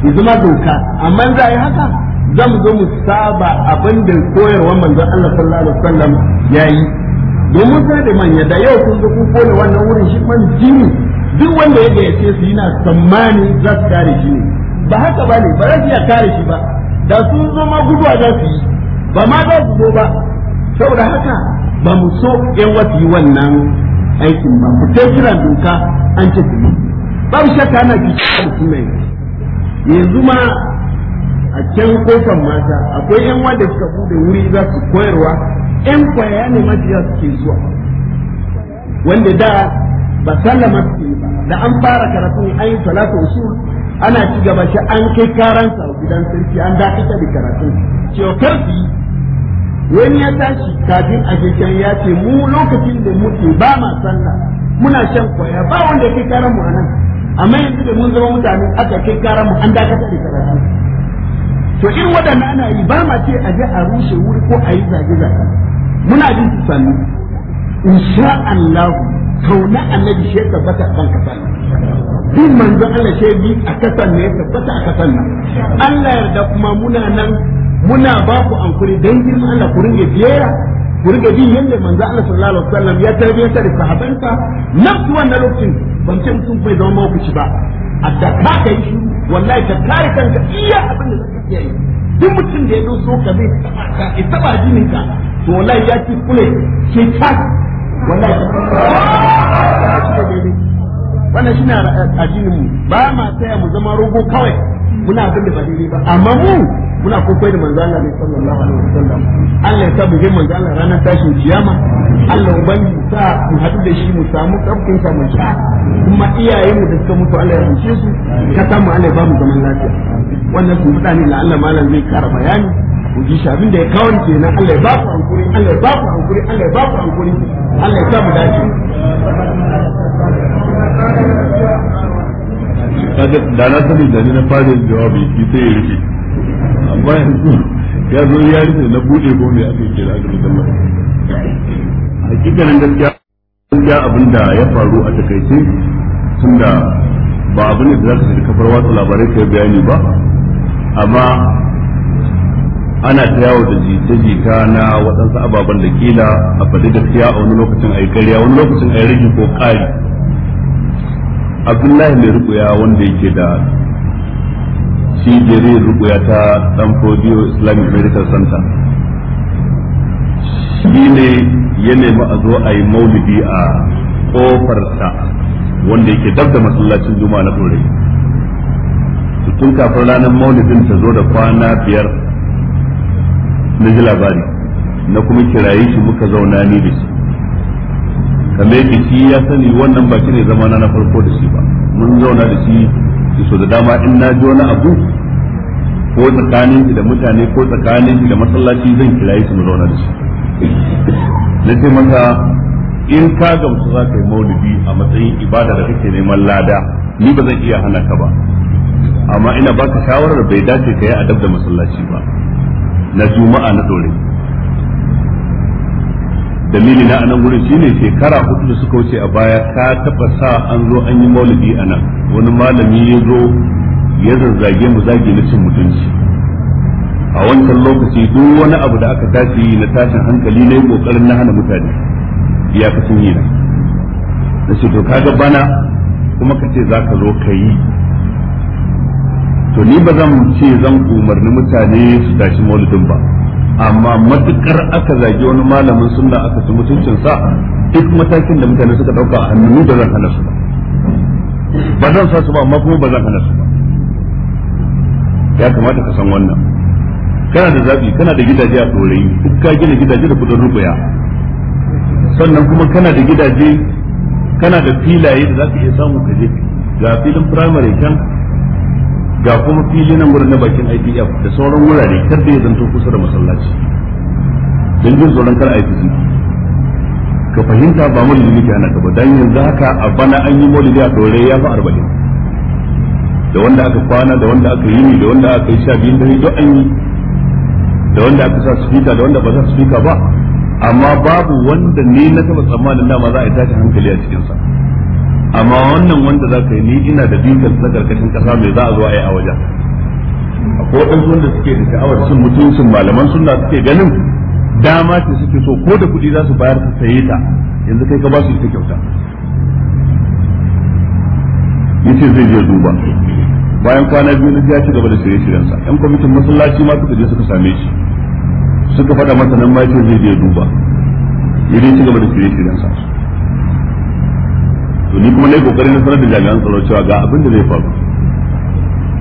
D: ku zama doka amma za yi haka za mu zo mu saba abin da koyarwar manzon Allah sallallahu alaihi wasallam yayi domin sai da manya da yau kun ga kun kone wannan wurin shi man jini duk wanda ya gayyace su yana tsammani za su kare shi ne ba haka ba ne ba za su iya kare shi ba da sun zo ma guduwa za su yi ba ma za su zo ba saboda haka ba mu so yan wasu yi wannan aikin ba ku kai kiran doka an ce su babu shakka ana kisa da suna yanzu ma a can kofar mata akwai yan wanda suka bude wuri za su koyarwa Yan kwaya ne majiya suke zuwa wanda da ba sallama suke ba da an fara karatu an yi talata su ana ci gaba shi an kai karansa gidan sarki an dakata da karatu cewa karfi wani ya tashi kafin a can ya ce mu lokacin da muke ba ma sanna muna shan kwaya ba wanda kai karan mu anan amma yanzu da mun zama mutane aka kai karan mu an dakata da karatu to in waɗanda ana yi ba ma ce a je a rushe wuri ko a yi zage-zage muna jin su sannu insha Allah kauna annabi shi ya tabbata kan kasan bin manzo Allah shi bi a kasan ne ya tabbata a kasan nan Allah yarda kuma muna nan muna ba ku ankuri dan girman Allah ku ringe biyayya ku ringe bin yanda manzo Allah sallallahu alaihi wasallam ya tarbiyyata da sahabansa nan kuwa na lokacin ban ce mutum bai zama shi ba a da ka kai shi wallahi ka kare kanka iya abin da kake yi duk mutum da ya zo so ka bai ta ka ki taba jinin ka to wallahi ya ci kule ke tas wallahi wannan shine addinin mu ba ma taya mu zama rogo kawai muna abin da ba daidai ba amma mu muna kokoi da manzo Allah sallallahu alaihi wasallam Allah ya sa mu je Allah ranar tashin kiyama Allah ubangi sa mu hadu da shi mu samu tsaftin sa mu sha kuma iyaye mu da suka mutu Allah ya rushe su ka samu Allah ya ba mu zaman lafiya wannan su mutane la Allah malam zai kara bayani ku ji shi abin da ya kawo kenan Allah ya ba ku hankuri Allah ya ba ku hankuri Allah ya ba ku hankuri Allah ya samu mu dace
A: kaga da na sani da ni na fara jawabi ki sai ya amma yanzu ya zo ya rufe na bude ko me ake kira da musamman hakikanin gaskiya gaskiya abin da ya faru a takaice tunda ba abin da za ka shiga kafar watsa labarai kai bayani ba amma ana ta yawo da jita-jita na waɗansu ababen da kila a faɗi gaskiya a wani lokacin a yi karya wani lokacin a yi rigi ko ƙari abdullahi mai rukuya wanda yake da shi rukuya ta ɗan fodiyo islamic medical center shi ne ya nemi a zo a yi maulidi a ƙofarsa wanda yake dab da masallacin juma'a na ɗorai tun kafin ranar maulidin ta zo da kwana biyar na ji labari na kuma kiraye shi muka zauna ni da shi kamar yake shi ya sani wannan ba ne zama na farko da shi ba mun zauna da shi so da dama in na ji wani abu ko tsakanin shi da mutane ko tsakanin shi da masallaci zan kiraye shi mu zauna da shi na ce masa in ka gamsu za ka yi maulidi a matsayin ibada da kake neman lada ni ba zan iya hana ka ba amma ina baka shawarar bai dace ka yi adab da masallaci ba na juma'a na dore dalili na anan wurin shine shekara hudu da suka wuce a baya ta taba sa an zo an yi maulidi nan wani malami ya zo ya zazzage mu zage na cin mutunci a wancan lokaci duk wani abu da aka tashi na tashin hankali na yi kokarin na hana mutane ya fi sun yi na da to kaga bana kuma ka ce za ka zo ka yi to ni ba zan ce zan umarni mutane su tashi maulidin ba amma matukar aka zagi wani malamin sunna aka ci mutuncin sa duk matakin da mutane suka dauka a hannu da zan hana su ba ba zan sa su ba amma kuma ba zan hana su ba ya kamata ka san wannan kana da zabi kana da gidaje a tsorayi duk ka gina gidaje da kudin rubuya sannan kuma kana da gidaje kana da filaye da za ka iya samu ka je ga filin firamare kan ga kuma fili na wurin na bakin IPF da sauran wurare kar da ya zanto kusa da masallaci don jin tsoron kar IPC ka fahimta ba maulidi nake kana ka ba dan yanzu haka a bana an yi maulidi a dore ya fa arba'in da wanda aka kwana da wanda aka yi ni da wanda aka yi sha biyun da duk an yi da wanda aka sa speaker da wanda ba sa speaker ba amma babu wanda ne na taba tsammanin dama za a yi tashin hankali a cikinsa. sa amma wannan wanda za ka yi ni ina da bikin na karkashin kasa mai za a zo a yi a wajen akwai waɗansu wanda suke da sha'awar sun mutuncin malaman sunna suke ganin dama ce suke so ko da kuɗi za su bayar su saye ta yanzu kai ka ba su ita kyauta yace zai je duba bayan kwana biyu na ya ci gaba da shirye-shiryensa yan kwamitin masallaci ma suka je suka same shi suka faɗa masa nan ma yace zai je duba ya ci gaba da shirye-shiryensa to ni kuma nayi kokari na sanar da jami'an tsaro cewa ga abin da zai faru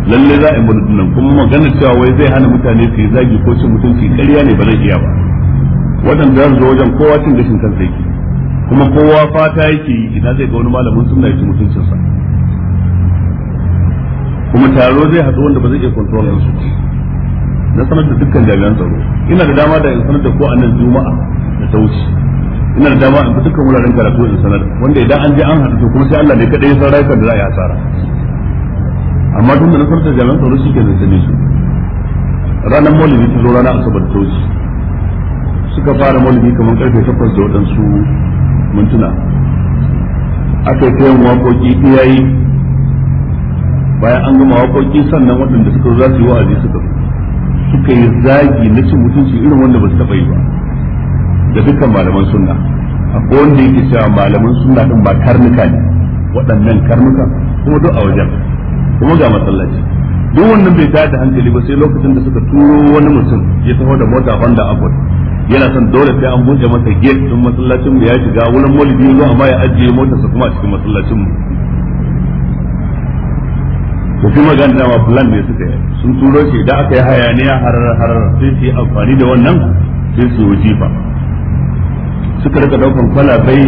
A: lalle za a yi nan kuma magana cewa wai zai hana mutane su yi zagi ko cin mutunci ƙarya ne ba zan iya ba waɗanda za su zo wajen kowa cin gashin kan sai kuma kowa fata yake yi ina zai ga wani malamin sunna ya ci mutuncinsa kuma taro zai haɗu wanda ba zai iya kontrol su na sanar da dukkan jami'an tsaro ina da dama da in sanar da ko a nan juma'a da ta wuce ina da dama in fi dukkan wuraren karatu in sanar wanda idan an je an haɗu to kuma sai Allah ne kadai ya san rayukan da za a yi asara amma tun da na farta jami'an tsaro shi ke zancane su ranar maulidi ta zo rana asabar ta wuce suka fara maulidi kamar karfe takwas da waɗansu mintuna aka yi yin waƙoƙi iyayi bayan an gama waƙoƙi sannan waɗanda suka za su yi wa'azi suka suka yi zagi na cin mutunci irin wanda ba su taɓa yi ba da dukkan malaman sunna akwai wanda yake cewa malaman sunna din ba karnuka ne waɗannan karnuka kuma duk a wajen kuma ga masallaci duk wannan bai da hankali ba sai lokacin da suka turo wani mutum ya taho da mota Honda Accord yana son dole sai an buɗe masa gate din masallacin mu ya shiga wurin maulidi zuwa amma ya ajiye motarsa kuma a cikin masallacin mu to shi magana dama plan ne suka yi sun turo shi idan aka yi hayaniya har har sai su yi amfani da wannan sai su yi jifa suka rika daukan kwalabai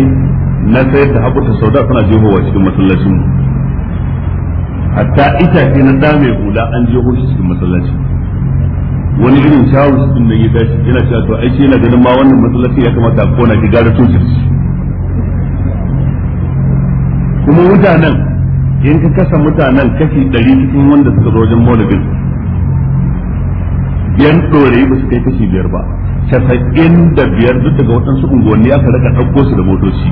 A: na sayar da sau da suna wa cikin masallacin mu hatta itace na da mai hula an jeho shi cikin masallaci wani irin su tun da ya tashi yana cewa to aiki yana ganin ma wannan masallaci ya kamata a kona ki gara tukin kuma mutanen in ka kasa mutanen kashi ɗari cikin wanda suka zo wajen maulidin Biyan ɗore ba su kai kashi biyar ba casa'in da biyar duk daga waɗansu unguwanni aka raka ɗauko su da motoci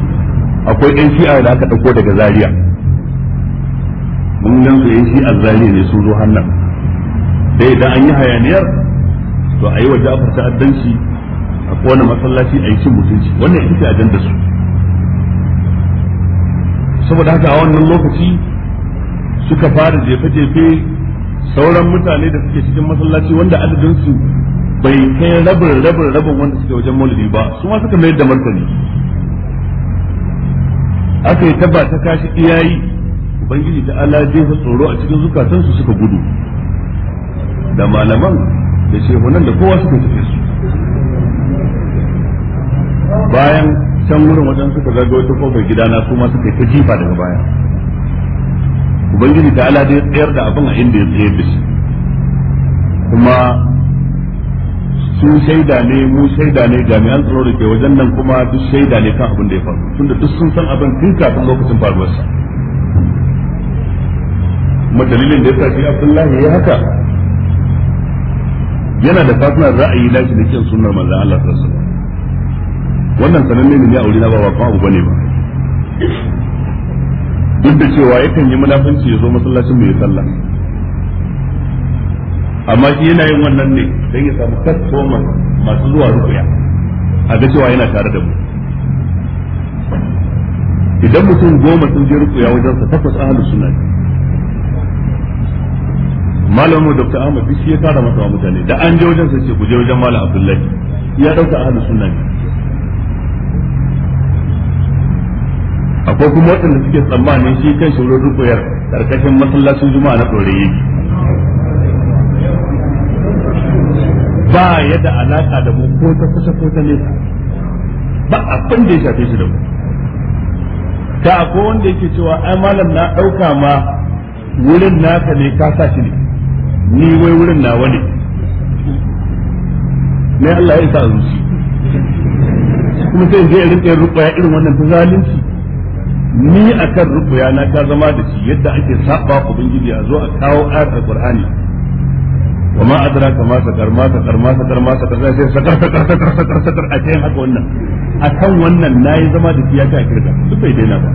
A: akwai ɗan shi'a da aka ɗauko daga zaria mun gan su yan shi'a zaria ne sun zo hannan da idan an yi hayaniyar to a yi wa ja'far ta'addanci a kowane masallaci a yi cin mutunci wannan ita ce ajandar su saboda haka a wannan lokaci suka fara jefe-jefe sauran mutane da suke cikin masallaci wanda adadin su bai kai rabin rabin rabin wanda suke wajen maulidi ba su ma suka mayar da martani aka yi taba ta kashi iyayi ubangiji ta ala jefa tsoro a cikin zukatansu suka gudu da malaman da shehunan da kowa suka tafi su bayan can wurin wajen suka zaga wata kofar gidana su ma suka yi ta jifa daga baya ubangiji ta ala dai tsayar da abin a inda ya tsayar da shi kuma su shaida ne mu shaida ne jami'an tsaro da ke wajen nan kuma duk shaida ne kan abin da ya faru tunda duk sun san abin tun kafin lokacin faruwarsa kuma dalilin da ya sa shi Abdullahi ya haka yana da fatina ra'ayi na shi da kyan sunar manzan Allah sallallahu wannan sananne ne ya aure na ba kuma abu bane ba duk da cewa yakan yi munafunci ya zo masallacin mai sallah amma
D: shi yana yin wannan
A: ne don ya samu kastoma masu zuwa rukuya a ga cewa yana tare da mu idan mutum goma sun je rukuya wajen sa takwas ahlus sunna malamu dr ahmad shi ya tara masa mutane da an je wajen sa ce ku je wajen malam abdullahi ya dauka ahlus sunna akwai kuma waɗanda suke tsammanin shi kan shi wurin rukuyar karkashin masallacin juma'a na ɗorayi ba ya da alaka da mu ko ta
D: kusa ko ta nesa ba abin da ya shafe shi da mu da ko wanda yake cewa ai malam na ɗauka ma wurin naka ne ka sa shi ne
A: ni wai wurin nawa ne ne Allah ya sa zuci kuma sai zai rinka rubuya irin wannan ta zalunci ni akan rubuya na ta zama da shi yadda ake saba ubangiji a zo a kawo ayatul qur'ani wa ma adraka ma sakar ma sakar ma sakar ma sakar sai sai sakar sakar sakar sakar sakar a cikin haka wannan akan wannan nayi zama da kiya ta kirga duk bai daina ba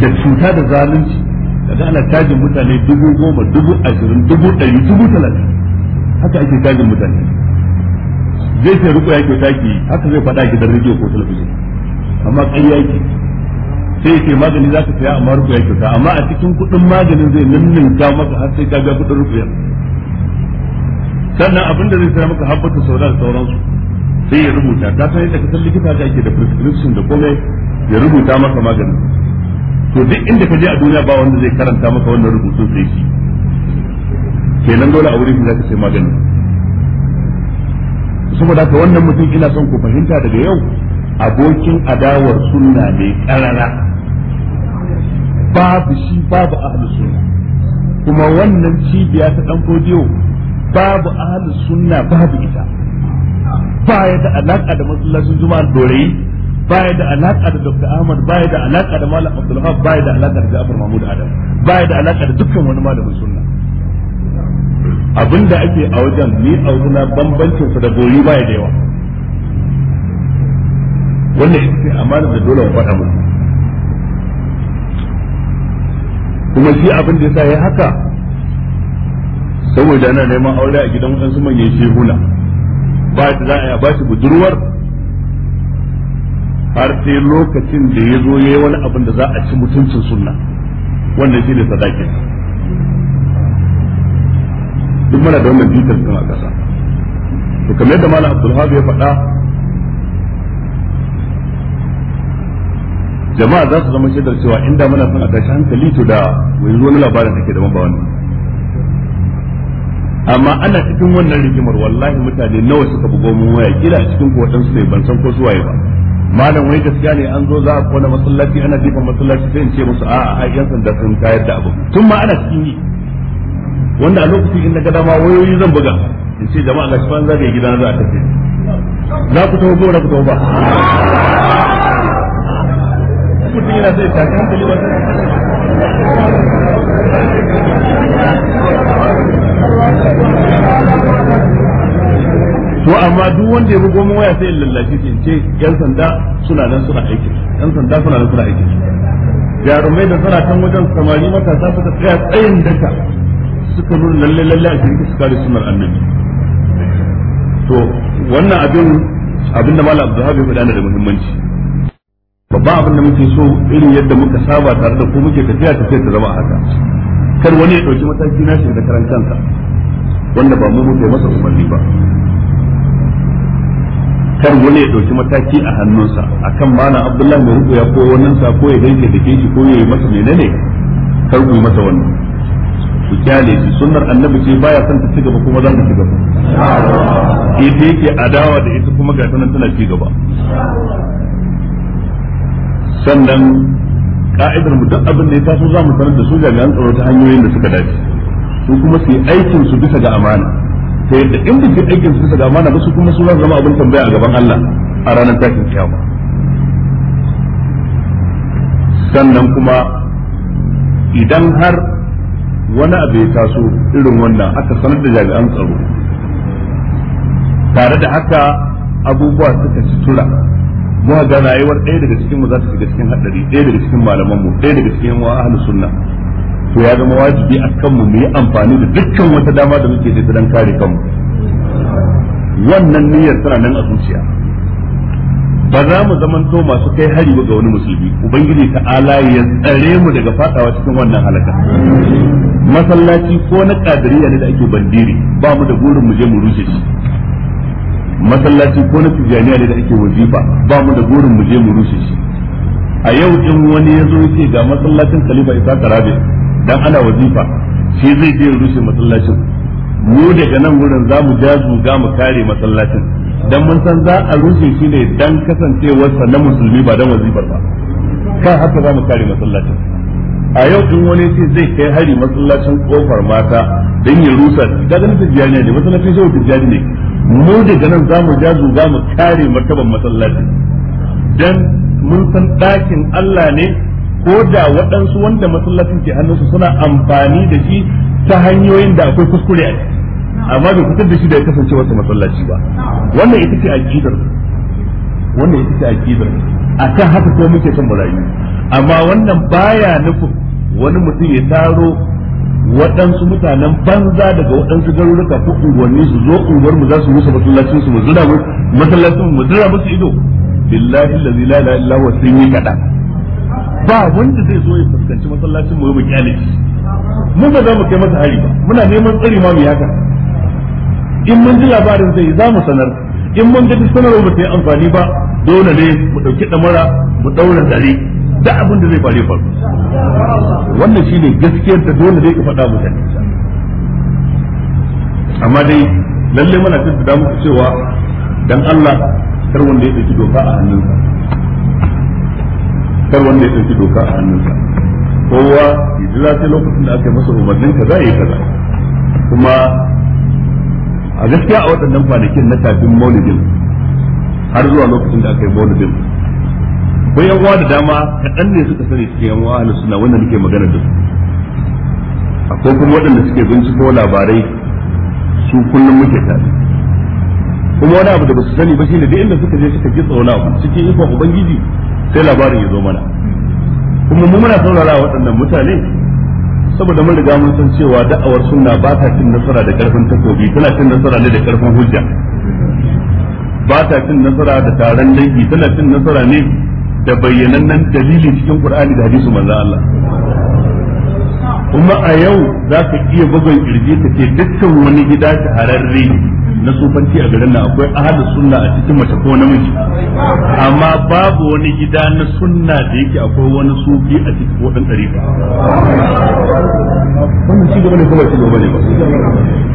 A: da cuta da zalunci kaga ana tajin mutane dubu goma dubu ashirin dubu ɗari dubu talatin haka ake tajin mutane zai sai rukuya ke taki haka zai faɗa gidan rediyo ko talabijin amma sai ce magani za ka saya amma rukuya kyauta amma a cikin kuɗin maganin zai ninninka maka har sai ka ga kuɗin rukuyar sannan abin da zai saya maka habbata sau da sauransu sai ya rubuta ta san yadda kasar likita ta ake da prescription da komai ya rubuta maka maganin to duk inda ka je a duniya ba wanda zai karanta maka wannan rubutun sai shi kenan dole a wurin za ka sai maganin saboda ka wannan mutum ina son ku fahimta daga yau abokin adawar sunna mai karara babu shi babu ahli sunna kuma wannan cibiya ta dan kodiyo babu ahli sunna babu ita baya da alaka da masallacin juma'a dorayi baya da alaka da Dr. Ahmad baya da alaka da Malam Abdul Ba baya da alaka da Ja'far Mahmud Adam baya da alaka da dukkan wani malamin sunna abinda ake a wajen ni a wajena bambancin su da goyi baya da yawa wannan ita ce amana da dole mu faɗa muku kuma shi abin da yasa ya haka saboda ana neman aure a gidan wasu manyan shehuna ba shi za a yi ba shi budurwar har sai lokacin da ya zo ya yi wani abin da za a ci mutuncin sunna wanda shi ne sadakin duk mana da wannan bitar a kasa to kamar yadda malam abdulhabi ya faɗa jama'a za su zama shaidar cewa inda muna son a tashi hankali to da yanzu wani labarin take da ba wani amma ana cikin wannan rigimar wallahi mutane nawa suka bugo mun waya kila a cikin kodan su ne ban san ko su waye ba malam wai gaskiya ne an zo za a kona masallaci ana jefa masallaci sai in ce musu a'a a yan sanda sun kayar da abu tun ma ana cikin yi wanda a lokacin in na ga dama wayoyi zan buga in ce jama'a ga shi ban an zagaye gidana za a tafi za ku taho ko za ku tafi ba
C: mutum yana zai tashi hankali ba
A: to amma duk wanda ya bugo mu waya sai lallashi ke ce yan sanda suna nan suna aiki yan sanda suna nan suna aiki jarumai da suna kan wajen samari matasa suka tsaya tsayin daka suka nuna lalle lalle a cikin suka da sunan annabi to wannan abin abin da malam Abdul Habib ya da muhimmanci babba abin da muke so irin yadda muka saba tare da ku muke tafiya tafiya ta zama haka kar wani ya dauki mataki na shi da karan kansa wanda ba mu muke masa umarni ba kar wani ya dauki mataki a hannunsa akan mana abdullahi mai ya ko wannan sa ko ya danke da shi ko ya yi masa menene kar ku yi masa wannan ku kyale shi sunnar annabi ce baya son ta cigaba kuma za ta cigaba ita yake adawa da ita kuma ga tana ci cigaba sannan ka'idar mu duk abin da ya taso za mu sanar da su jami'an tsaro ta hanyoyin da suka dace su kuma su yi aikin su bisa ga amana ta yadda in da ke aikin su bisa ga amana ba su kuma su zama abin tambaya a gaban Allah a ranar tashin kiyama sannan kuma idan har wani abu ya taso irin wannan aka sanar da jami'an tsaro tare da haka abubuwa suka ci tura mu ga rayuwar ɗaya daga cikin mu za ta shiga cikin haɗari ɗaya daga cikin malaman mu ɗaya daga cikin wa ahlus sunna to ya zama wajibi a kanmu mu yi amfani da dukkan wata dama da muke da dan kare kanmu wannan niyyar tana nan a zuciya ba za mu zamanto masu kai hari ga wani musulmi ubangiji ta ta'ala ya tsare mu daga fadawa cikin wannan halaka masallaci ko na kadiriya ne da ake bandiri ba mu da burin mu je mu rushe shi masallaci ko na tijaniya ne da ake wazifa ba mu da burin mu je mu rushe shi a yau in wani ya zo yake ga masallacin khalifa isa karabe dan ana wazifa shi zai je rushe masallacin mu daga nan wurin za mu jazu ga mu kare masallacin dan mun san za a rushe shi ne dan kasancewarsa na musulmi ba dan wazifar ba kan haka za mu kare masallacin a yau in wani ce zai kai hari masallacin kofar mata don ya rusa daga na tijjani ne masallacin shi tijjani ne mu daga nan za mu jazu za mu kare martaban masallaci dan mun san ɗakin Allah ne ko da waɗansu wanda masallacin ke hannunsu suna amfani da shi ta hanyoyin da akwai kuskure a amma bai fitar da shi da ya kasance wasu masallaci ba wannan ita ce aqidar wannan ita ce aqidar akan haka ko muke son mu rayu amma wannan baya nufin wani mutum ya taro waɗansu mutanen banza daga waɗansu garuruka ko unguwanni su zo unguwar mu za su musu masallacin su mu zira mu masallacin mu zira musu ido billahi allazi la ilaha illa huwa sun yi kada ba wanda zai zo ya fuskanci masallacin mu mu kyale mu ba za mu kai masa hari ba muna neman tsari ma mu yaka in mun ji labarin zai za mu sanar in mun ga sanarwa ba ta yi amfani ba dole ne mu ɗauki ɗamara mu ɗaura zare da abin da zai faru ya
D: faru
A: wannan shine gaskiyar da dole ne ka faɗa mutane amma dai lalle muna da muku cewa dan Allah kar wanda ya ɗauki doka a sa. kar wanda ya ɗauki doka a hannunsa kowa idan sai lokacin da aka masa umarnin kaza ya yi kaza kuma a gaskiya a waɗannan kwanakin na kafin maulidin har zuwa lokacin da aka yi maulidin ko yan uwa da dama kaɗan ne suka sani cikin yan uwa ahlus sunna wanda nake magana da su akwai kuma waɗanda suke binciko labarai su kullum muke tafi kuma wani abu da ba su sani ba shine da inda suka je suka ji tsauna abu cikin ikon ubangiji sai labarin ya zo mana kuma mu muna saurara waɗannan mutane saboda mun riga mun san cewa da'awar sunna ba ta cin nasara da karfin takobi tana cin nasara ne da karfin hujja ba ta cin nasara da taron dangi tana cin nasara ne da bayyanannen dalili cikin Qur'ani da hadisi manzo Allah kuma a yau za ka iya bugun kirji ka ce dukkan wani gida ta hararre na sufanci a garin nan akwai ahadu sunna a cikin mace ko namiji amma babu wani gida na sunna da yake akwai wani sufi a cikin ko dan dariƙa wannan shi gaba ne kuma shi gaba ne ba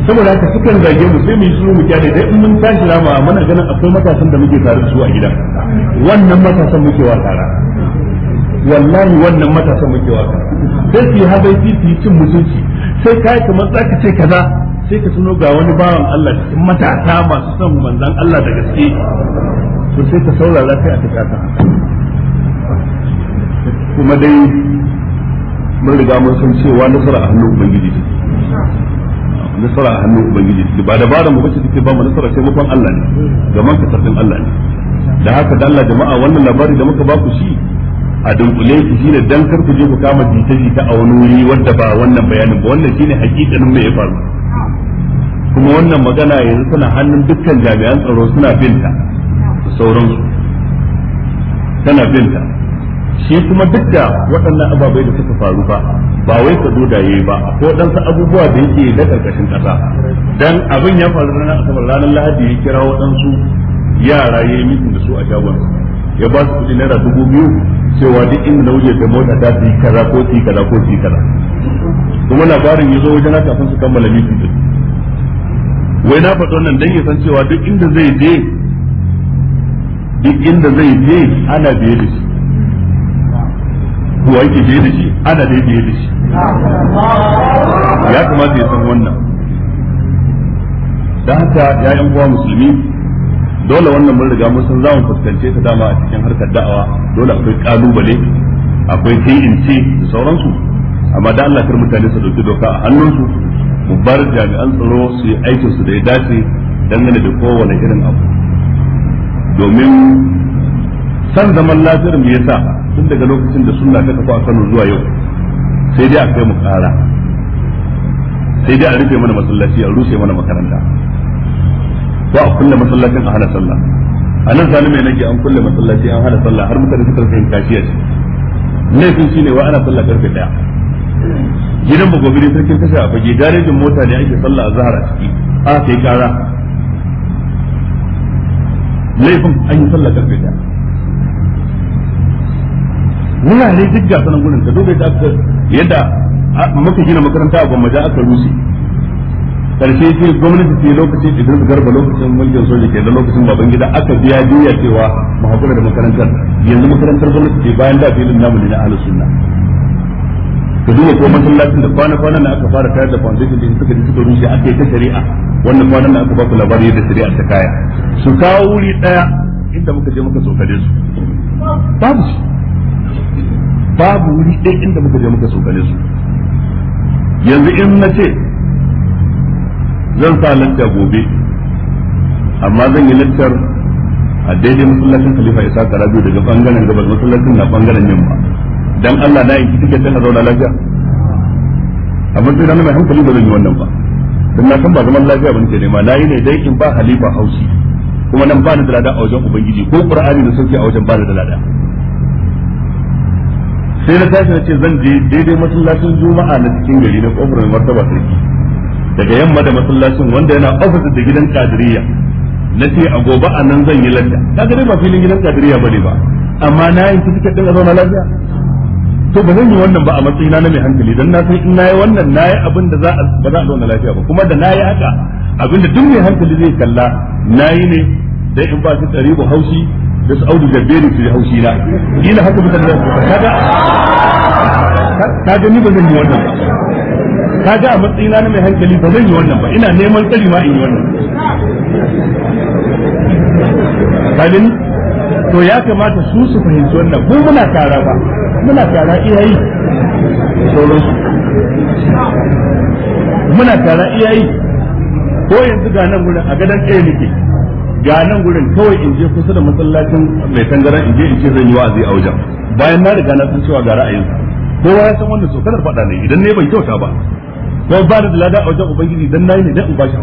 A: saboda haka sukan zage mu sai mu yi shiru mu kyale dai in mun tashi rama mana ganin akwai matasan da muke tare da su a gida wannan matasan muke wa tara wallahi wannan matasa muke waka sai su yi habaiti su yi cin mutunci sai ka yi kamar za ka ce kaza sai ka suno ga wani bawan Allah cikin matasa masu son manzan Allah da gaske to sai ka saurara kai a tukata kuma dai mun riga mun san cewa nasara a hannun ubangiji nasara a hannun ubangiji ba dabaran mu bace take ba mu nasara sai mutan Allah ne gaman ka sabbin Allah ne da haka da Allah jama'a wannan labari da muka ba ku shi a dunkule su ne dan kar ku je ku kama jita jita a wani wuri wanda ba wannan bayanin ba wannan shine hakikanin mai ya faru kuma wannan magana yanzu tana hannun dukkan jami'an tsaro suna binta
C: da
A: sauransu tana binta shi kuma duk da waɗannan ababai da suka faru ba ba wai ka zo da yayi ba ko dan sa abubuwa da yake da karkashin kasa dan abin ya faru ranar asabar ranar lahadi ya kira waɗansu yara yayi mutum da su a shagon ya ba su kuɗi naira dubu biyu cewa duk inda na wuce da mota ta fi kaza ko su kaza ko su kaza kuma labarin ya zo wajen haka sun su kammala miki din wai na faɗo nan dan ya san cewa duk inda zai je duk inda zai je ana biye da shi kuwa yake biye da shi ana dai biye da shi ya kamata ya san wannan da haka ya yan uwa musulmi dole wannan mun riga mun san zamu fuskance ta dama a cikin harkar da'awa dole akwai kalubale akwai sai da sauransu amma da Allah kar mutane su dauki doka a hannunsu mu bar jami'an tsaro su yi aikin su da ya dace dangane da kowane irin abu domin san zaman lafiyar mu yasa tun daga lokacin da sunna ta kafa a Kano zuwa yau sai dai kai mu kara sai dai a rufe mana masallaci a rushe mana makaranta ko a kulle masallacin a hana sallah a nan zane mai nake an kulle masallaci an hana sallah har mutane suka rasa kafiya ce laifin shine wa ana sallah karfe daya gidan ba gobe sarkin tasha a fage darajin mota ne ake sallah a zahar a ciki a sai kara laifin an yi sallah karfe daya wurare duk ga sanan gurin ka duba yadda aka yadda muka gina makaranta a gwamnati aka rushe karshe ce gwamnati ce lokacin su Garba lokacin mulkin soja ke da lokacin baban gida aka biya jiya cewa ma hakura da makarantar yanzu makarantar gwamnati ce bayan da filin namu ne na ahlus sunna ka duba ko masallacin da kwana kwanan da aka fara tayar da foundation din suka ji suka rushe aka yi ta shari'a wannan kwanan da aka ba ku labari yadda shari'a ta kaya su kawo wuri daya inda muka je muka sokare su babu
C: su
A: babu wuri ɗaya inda muka je muka sokare su yanzu in na ce zan sa lafiya gobe amma zan yi lafiyar a daidai masallacin khalifa isa karabi daga bangaren gabas masallacin na bangaren yamma dan Allah na yi tiket dan a zauna lafiya amma sai na mai hankali ba zan yi wannan ba dan na san ba zaman lafiya ba ke nema yi ne dai in ba halifa hausi kuma nan ba ni da lada a wajen ubangiji ko qur'ani da sauki a wajen ba ni da lada sai na tashi na ce zan je daidai masallacin juma'a na cikin gari na kofar mai martaba sarki daga yamma da masallacin wanda yana ofis da gidan kadiriya na ce a gobe a nan zan yi lafiya kaga dai ba filin gidan kadiriya bane ba amma na yi tiket din a zauna lafiya to ba zan yi wannan ba a matsayina na mai hankali dan na san in nayi wannan nayi abin da za ba za a zauna lafiya ba kuma da nayi haka abin da duk mai hankali zai kalla nayi ne dai in ba su tsari ba haushi da su audu jabberi su haushi na ina haka mutane da su kaga ni ba zan yi wannan ba ka ga a matsayina na mai hankali ba zan yi wannan ba ina neman tsari ma in yi wannan kalin
D: to ya kamata su su fahimci wannan ko muna kara ba muna kara iyayi sauransu muna tara iyayi ko yanzu ga nan gurin a gadon ɗaya nake
A: ga nan gurin kawai in je kusa da masallacin mai tangaran in je in ce zan yi wa'azi a wajen bayan na riga na san cewa ga ra'ayinsa kowa ya san wannan sokanar faɗa ne idan ne bai kyauta ba ko ba da lada a wajen ubangiji dan nayi ne dan in ba shi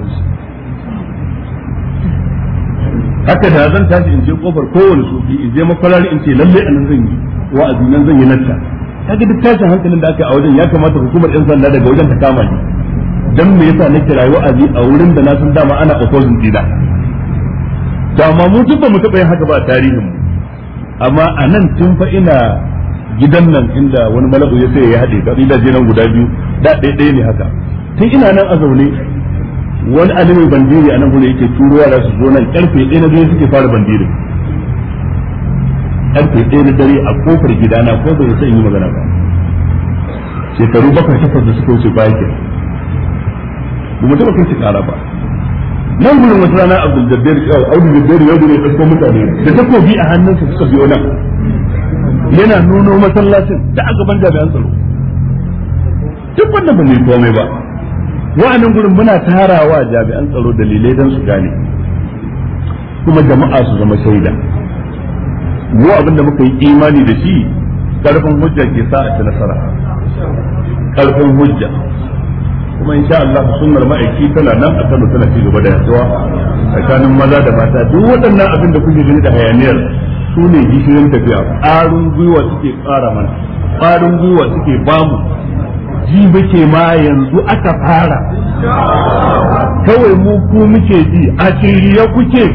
A: haka da zan tashi in je kofar kowane sufi in je makwarari in ce lalle anan zan yi wa'azi nan zan yi nacca kaga duk tashin hankalin da ake a wajen ya kamata hukumar yan sanda daga wajen ta kama ni dan me yasa nake rayuwa wa'azi a wurin da na san dama ana opposing dina da ma mu duk ba mu taba yin haka ba tarihin mu amma a nan tun fa ina gidan nan inda wani malabu ya sai ya haɗe ka ina je nan guda biyu da ɗaya ne haka tun ina nan a zaune wani alimin bandiri a nan gudu yake turo yara su zo nan karfe ɗaya na biyu suke fara bandirin karfe ɗaya na dare a kofar gidana ko bai in yi magana ba shekaru bakwai takwas da suka wuce baya ke ba mu taɓa kai shi ƙara ba nan gudun wata rana abdul jabbar abdul jabbar ya gudu ya ɗauko mutane da takobi a hannunsa suka biyo nan yana nuno masallacin da banja da jami'an tsaro duk wannan ba mu yi komai ba wa'annan gurin muna tarawa jami'an tsaro dalilai don su gane kuma jama'a su zama shaida mu abinda muka yi imani da shi karfin hujja ke sa a ci nasara karfin hujja kuma in insha Allah sunnar ma'aiki tana nan a Kano tana ci gaba da yaduwa tsakanin maza da mata duk waɗannan abin da kuke gani da hayaniyar su ne gishirin tafiya ƙarin gwiwa suke ƙara mana ƙarin gwiwa suke bamu ji muke ma
D: yanzu aka fara kawai mu ku muke ji a shirye kuke